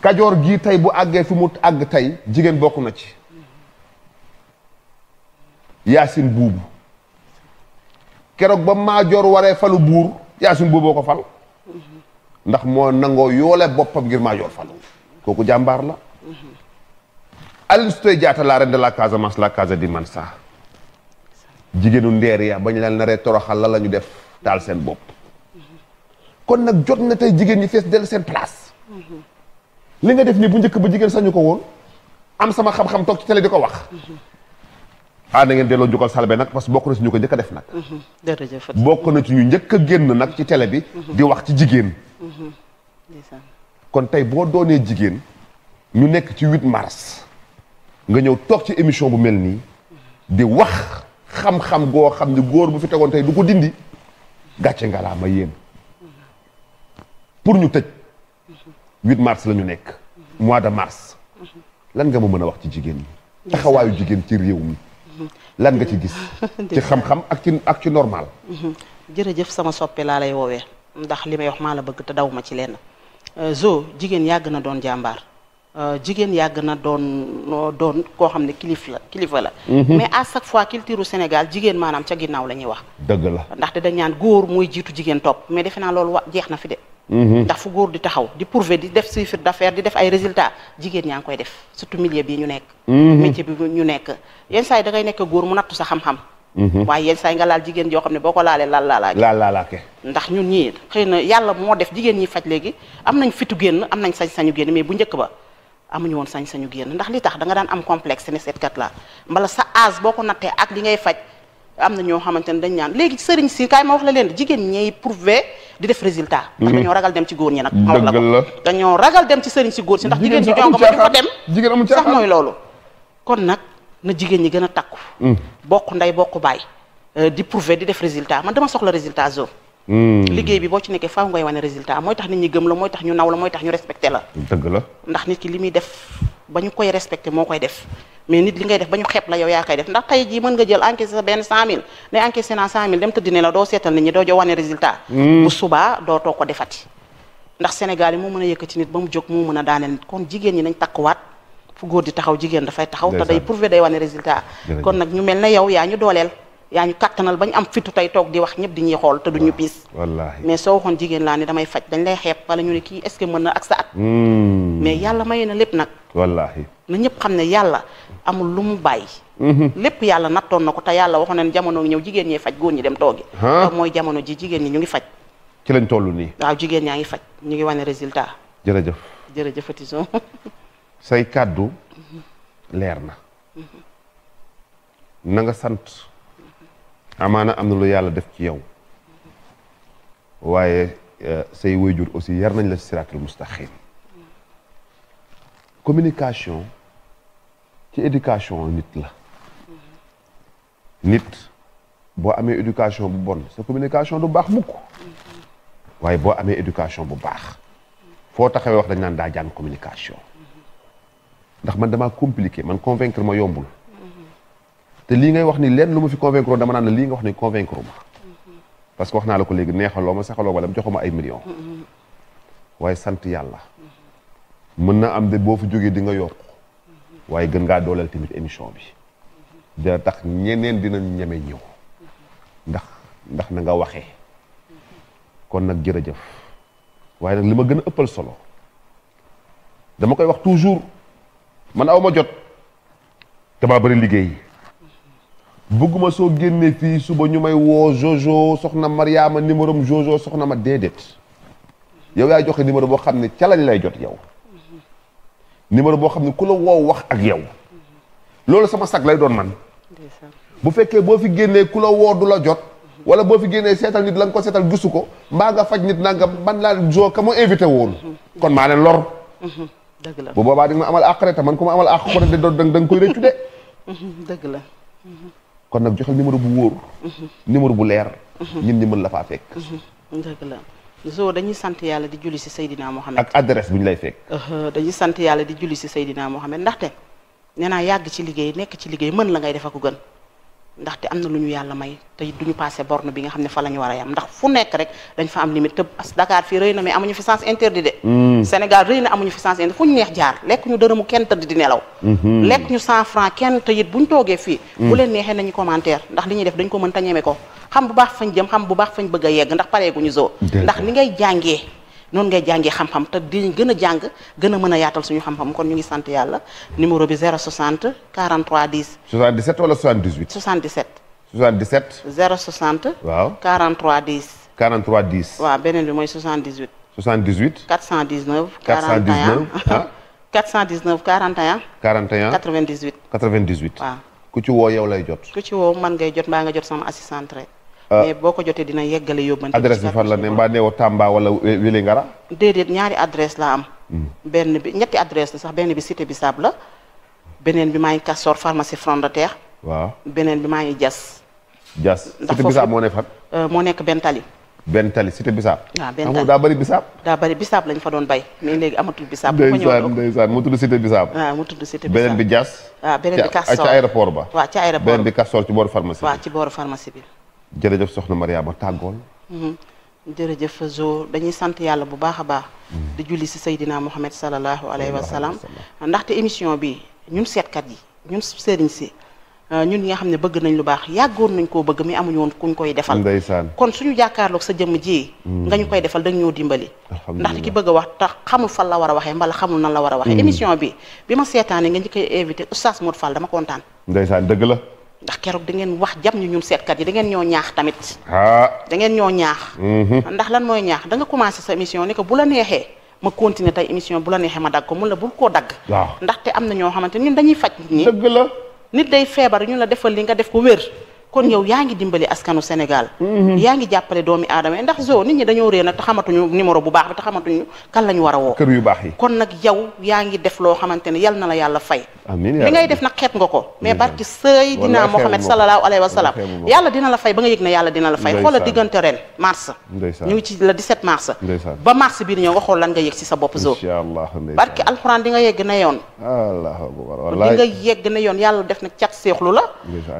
A: kajoor gii tey bu àggee fi mu àgg tey jigéen bokk na ci mm-hmm. yaasin buubu keroog ba maajoor waree falu buur yaasin buuboo ko fal ndax moo nangoo yoole boppam ngir maajoor falu kooku jàmbaar la Aline Sitoé Diatta la reine de la Casamance la Casa di Mansa jigéenu ndeer ya bañ leen naree toroxal la la ñu def daal seen bopp kon nag jot na tey jigéen ñi fees dell seen place li nga def nii bu njëkk ba jigéen sax ñu ko woon am sama xam-xam toog ci télé di ko wax ah na ngeen delloo njukkal Selbé nag parce que bokk na ci ñu ko njëkk def nag bokk na ci ñu njëkk a génn nag ci télé bi di wax ci jigéen kon tey boo doonee jigéen ñu nekk ci 8 mars nga ñëw toog ci émission bu mel nii di wax xam-xam goo xam ni góor bu fi tegoon tey du ko dindi gàcce ngalaa ma yéen pour ñu tëj 8 mars la ñu nekk mois de mars lan nga ma mën a wax ci jigéen ñi taxawaayu jigéen ci réew mi lan nga ci gis <laughs> ci xam-xam ak ci ak ci normal
B: <laughs> jërëjëf sama soppe laa lay woowee ndax li may wax maa la bëgg te daw ma ci lenn euh, zo jigéen yàgg na doon jàmbaar Euh, jigéen yàgg na doon doon koo xam ne kilifa kilifa la. Mhm. mais à chaque fois culture Sénégal jigéen maanaam ca ginnaaw la ñuy wax. dëgg la ndaxte dañ naan góor jiitu jigéen topp mais defe loolu wa jeex na fi de. Mhm. ndax fu góor di taxaw di prouver di def chiffre d'affaires di def ay résultat jigéen ñaa ngi koy def surtout milieu bi ñu nekk. Mhm. métier bi ñu nekk yenn saa yi da ngay nekk góor mu nattu sa xam-xam. waaye yenn nga laal jigéen joo xam ne boo ko laalee laal laalaake laal laalaake ndax ñun ñii xëy na yàlla moo def jigéen ñi faj léegi am nañ fitu génn am nañ sañ-sañu génn bu njëkk ba amuñu woon sañ-sañu génn ndax li tax da nga daan am complexe ne seetkat la mbala sa âge boo ko nattee ak li ngay faj am na ñoo xamante ne dañ ñaan léegi sëriñ si kaay ma wax la leen jigéen ñay prouvé di def résultat mhm. ndax dañoo ragal dem ci góor ñi nag ma wax
C: la
B: ragal dem ci sëriñ si góor si ndax jigéen ñi nga ma di fa dem sax mooy loolu kon nag na jigéen ñi gën a takku mhm. bokk ndey bokk baay euh, di prouvé di def résultat man dama soxla résultat zo Mm. liggéey bi boo ci nekkee faaw ngay wane résultat mooy tax nit ñi gëm la mooy tax ñu naw la mooy tax ñu respecté la dëgg ndax nit ki li muy def ba ñu koy respecté moo koy def mais nit li ngay def ba ñu xeeb la yow yaa koy def ndax tey jii mën nga jël encaissé sa benn 100000 ne encaissé naa 100000 dem tëdd ne la doo seetal nit ñi doo jo wane résultat mm. bu subaa doo too ko yi moo mën a yëkkati nit ba mu jóg moo mën a daaneel kon jigéen ñi nañ takkuwaat fu góor di taxaw jigéen dafay taxaw te day prouver day wane résultat kon nag ñu mel ne yow yaa ñu dooleel yaa ñu kattanal bañ am fitu tey toog di wax ñëpp di ñuy xool te duñu piis wallaahi mais soo waxoon jigéen laa ni damay faj dañ lay xeeb wala ñu ne kii est-ce que mën na ak sa at
A: hmm. mais
B: yàlla maye na lépp nag wallaahi na ñëpp xam ne yàlla amul lu mu bàyyi mm-hmm. lépp yàlla nattoon na ko te yàlla waxoon ne jamono ñëw jigéen ñiy faj goon ñi dem toogi da mooy jamono ji jigéen ñi ñu ngi faj
A: ci lañ toll nii
B: waaw jigéen ñaa ngi faj ñu ngi wane résultat jërëjëf jërëjëfati so
A: say kàddu leer
B: na mm-hmm.
A: na nga sant amaana am na lu yàlla def ci yow waaye euh, say waajur aussi yar nañ la siraatul mustaqim communication ci éducation nit la nit boo amee éducation bu bon sa communication du baax mukk waaye boo amee éducation bu baax foo taxawee wax dañ naan daa jàng communication ndax man damaa compliqué man convaincre ma yombul te lii ngay wax ni lenn lu ma fi convaincre dama naan la lii nga wax ni convaincre ma parce que wax naa la ko léegi neexaloo ma saxaloo ma lam ay millions waaye sant yàlla mën na am de boo fi jógee di nga yokk waaye gën ngaa dooleel tamit émission bi dana tax ñeneen dina ñame ñëw ndax ndax na nga waxee kon nag jërëjëf waaye nag li ma gën a ëppal solo dama koy wax toujours man aw ma jot damaa bëri liggéey bëgguma soo génnee fii suba ñu may woo Jojo soxna Mariama numéro am Jojo soxna ma déedéet yow yaay joxe numéro boo xam ne ca lañ lay jot yow numéro boo xam ne ku la woo wax ak yow loolu sama sag lay doon man bu fekkee boo fi génnee ku la woo du la jot wala boo fi génnee seetal nit la ko seetal gisu ko mbaa nga faj nit nangam man laa jo ka ma invité woon kon maa leen lor dëgg la bu boobaa di nga ma amal àq rek te man ko ma amal àq ko ne de doon da nga koy rëccu de dëgg la kon nag joxel numéro bu wóor. Mhm. numéro bu leer. Mhm. ñun ñu mën la faa fekk.
B: Mhm. dëgg la so dañuy sant yàlla di julli si Seydina Mohamed. ak
A: adresse bu ñu lay fekk.
B: dañuy sant yàlla di julli si Seydina Mohamed ndaxte nee naa yàgg ci liggéey nekk ci liggéey mën la ngay def ak gën. ndaxte am na lu ñu yàlla may te du ñu passé borne bi nga xam ne fa la ñu a yam ndax fu nekk rek dañ fa am limite te parce que Dakar fii rëy na mais amuñu fi sens interdit de. Hmm. fu ñu neex jaar lekk ñu dërëmu kenn tëdd di nelaw.
C: Hmm. lekk
B: ñu cent franc kenn te bu ñu toogee fii. Hmm. bu leen neexee nañu commentaire ndax li ñuy def dañ ko mën ta ñeme ko xam bu baax fañ jëm xam bu baax fañ bëgg a yegg ndax pareeguñu zoo. ndax li ngay jàngee. noonu ngay jàngee xam-xam te di gën a jàng gën a mën a yaatal suñu xam-xam kon ñu ngi sant yàlla numéro bi 060 43 10.
A: 77 wala 78. 77. 77.
B: 060. waaw 43 10.
A: 43 10.
B: waaw beneen bi mooy 78.
A: 78.
B: 419. 419 41 419 41. 41 98.
A: 98 waaw. ku ci woo yow lay jot.
B: ku ci woo man ngay jot mbaa nga jot sama assistante rek. Euh, mais boo ko jotee dina yeggale yóbbante. adresse bi
A: fan la ne mbaa neewoo Tamba wala Vélingara.
B: déedéet ñaari adresse la am. Hmm. benn bi ñetti adresse la sax benn bi cité Bissab la. beneen bi maa ngi Castor pharmacie Front de Terre. waaw beneen bi maa ngi Dias.
A: Dias cité moo ne
B: euh, nekk benn tali.
A: benn tali cité bisaab. waaw benn tali daa
B: bisaab. daa bi
A: Dias. waaw beneen bi Castor ca aéroport ba. waaw ca aéroport ba beneen bi Castor ci booru bi. jërëjëf soxna Mariama tàggool
B: mhm. jërëjëf zo dañuy sant yàlla bu baax a baax mhm. di julli si Seydina Muhammad sallallahu alayhi wa sallam ndaxte émission bi ñun seetkat yi ñun sëriñ si euh, ñun ñi nga xam ne bëgg nañ lu baax yàggoon nañ koo bëgg mi amuñu woon kuñ koy defal ndeysaan kon suñu jàkkaarloog sa jëmm ji mhm. nga ñu koy defal da ñoo dimbali ndaxte ki bëgg a wax tax xamul fan la war a waxee mbala xamul nan la war a waxee émission bi bi ma seetaanee nga ñu koy invité oustaz Modou Fall dama kontaan
A: ndeysaan dëgg la
B: ndax keroog da ngeen wax jam ñu ñun seetkat yi da ngeen ñoo ñaax tamit. ah ngeen ñoo ñaax. Mm-hmm. ndax lan mooy ñaax da nga commencé sa émission ni ko bu la neexee ma continuer tey émission bu la neexee ma dagg ko mun la bul koo dagg. waaw ndaxte am na ñoo xamante ñun dañuy faj. dëgg la nit day feebar ñu la defal li nga def ko wér. kon yow yaa ngi dimbali askanu Sénégal mm-hmm. yaa ngi jàppale doomi aadama yi ndax zo nit ñi dañoo réer nag te xamatuñu numéro bu baax bi te xamatuñu kan la ñu war a woo kër yu baax yi kon nag yow yaa ngi def loo xamante ne yal na la yàlla fay amiin li ngay def nag xeet nga ko mm-hmm. mais barki sëy dinaa Mohamed sallallahu alayhi wa sallam yàlla dina la fay ba nga yëg ne yàlla dina la fay xoola diggante ren mars ba mars biir ñëw nga xool lan nga yëg ci sa bopp zo barki alxuraan di nga yegg na yoon di yegg na yoon yàlla def na cat seexlu la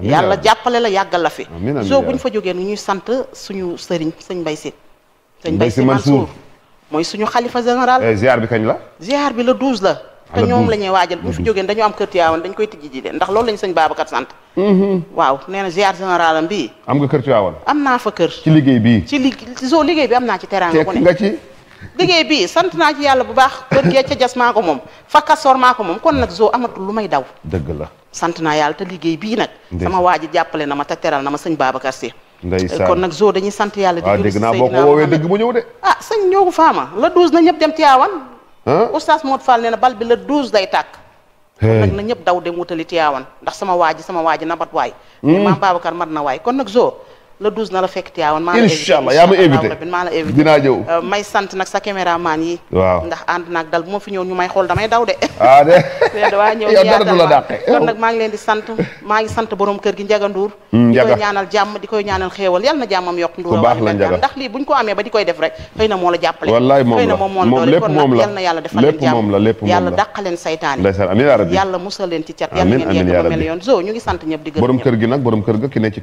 B: yàlla jàppale la yàggal la fi soo buñ fa jógee nu ñuy sant suñu sëriñ sëñ Mbaye Sy sëñ Mbaye Sy Mansour mooy suñu xalifa général eh, ziar bi kañ la ziar bi la douze la ah, te ñoom la ñuy waajal bu ñu fi jógee dañu am kër Tiwaawan dañ koy tijji ji de ndax loolu lañu sëñ Babacar sant mm-hmm. waaw nee na ziar général am bii am nga kër Tiwaawan am naa fa kër ci liggéey bii ci liggéey soo liggéey bi am naa ci teraanga bu ne nga ci liggéey bii sant naa ci yàlla bu baax kër gee ca jas maa ko moom fa kasoor maa ko moom kon nag zoo amatul lu may daw dëgg la sant naa yàlla te liggéey bii nag sama waa ji jàppale na ma te teral na ma sëñ Babacar Si
A: ndeysaan kon nag
B: zo dañuy sant yàlla di ah, dégg naa boo ko woowee dëgg mu ñëw de ah sëñ ñoogu faama la douze na ñëpp dem Tiwaawan ah? oustaz Modou Fall nee na bal bi la douze day tàkk kon na ñëpp daw dem wutali Tiwaawan ndax sama waa ji sama waa ji na mat waay hmm? maam Babacar mat na waay kon nag zo le 12 na la fekk Tiwaawan. incha allah yaa ma maa la invité dinaa ñëw. Euh, may sant nag sa caméraman yi. waaw ndax ànd naag dal bu ma fi ñëw ñu may xool damay daw de. <laughs> ah de <laughs> yow <laughs> maa ngi leen di sant maa sant borom kër gi Ndiaga Ndour. Ndiaga mm, di koy ñaanal jàmm di koy ñaanal xéewal yal na jàmmam yokk. ku baax la Ndiaga ndax lii buñ ko amee ba di koy def rek xëy na moo la jàppale. wallaay moom la moom lépp moom la kon nag yal na yàlla defal leen
A: jàmm yàlla dàqal
B: leen saytaan yi yàlla musal leen ci cat yàlla ngeen yegg ba mel yoon zo kër gi
A: nag borom kër ga ki ne ci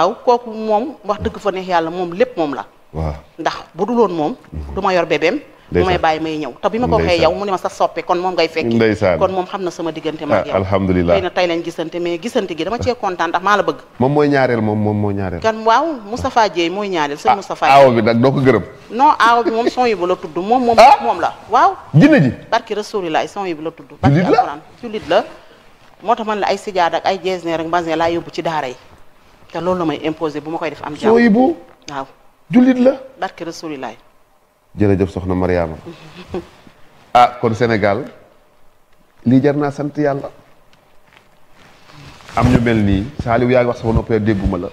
B: waaw kooku moom wax dëgg fa neex yàlla moom lépp moom la. waaw ndax bu dul moom. Mhm. du ma yor bébéem. mu may bàyyi may ñëw te bi ma ko waxee yow mu ne ma sa soppe kon moom ngay fekki kon moom xam na sama diggante ma ak ah, yow alhamdulilah xëy na la bëgg
A: moom mooy ñaareel moom moom mooy ñaareel kan
B: waaw Moustapha Dieye mooy ñaareel sëñ ah, Moustapha aaw
A: bi nag doo ko gërëm
B: non aaw bi moom son yi bu la tudd moom moom ah! moom la waaw jinne ji barki rasulilah son yi bu la tudd barki alquran jullit la moo tax man la ay sijaada ak ay jeesne rek mbasin laa te loolu la may imposer bu ma koy def am. jàmm soo yibu waaw. jullit la. barke rasulilaay.
A: jërëjëf soxna Mariama. a <laughs> ah, kon Sénégal lii jar naa sant yàlla. am ñu mel nii Saliou yaa ngi wax sama noppee dégguma la.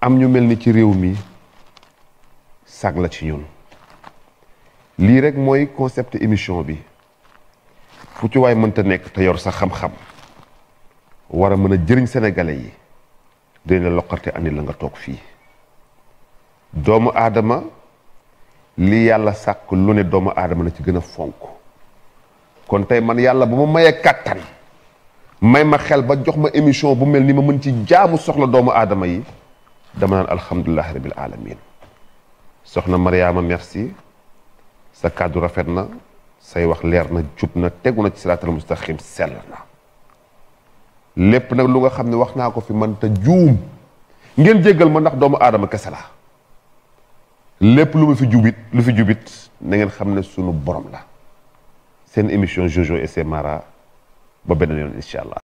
A: am ñu mel ni ci réew mi sag la ci ñun. lii rek mooy concept émission bi. fu ci waay mënta nekk te yor sax xam-xam. war a mën a jëriñ sénégalais yi dañ la loqarte andi la nga toog fii doomu aadama li yàlla sàkk lu ne doomu aadama la ci gën a fonk kon tey man yàlla bu mu mayee kàttan may ma xel ba jox ma émission bu mel ni ma mën ci jaamu soxla doomu aadama yi dama naan alhamdulilahi rabil alamin soxna Mariama merci sa kàddu rafet na say wax leer na jub na tegu na ci siraatal mustaqim sell na lépp nag lu nga xam ne wax naa ko fi man te juum ngeen jéggal ma ndax doomu aadama kese la lépp lu ma fi jubit lu fi jubit na ngeen xam ne sunu borom la seen émission Jojo et ses Mara ba beneen yoon incha allah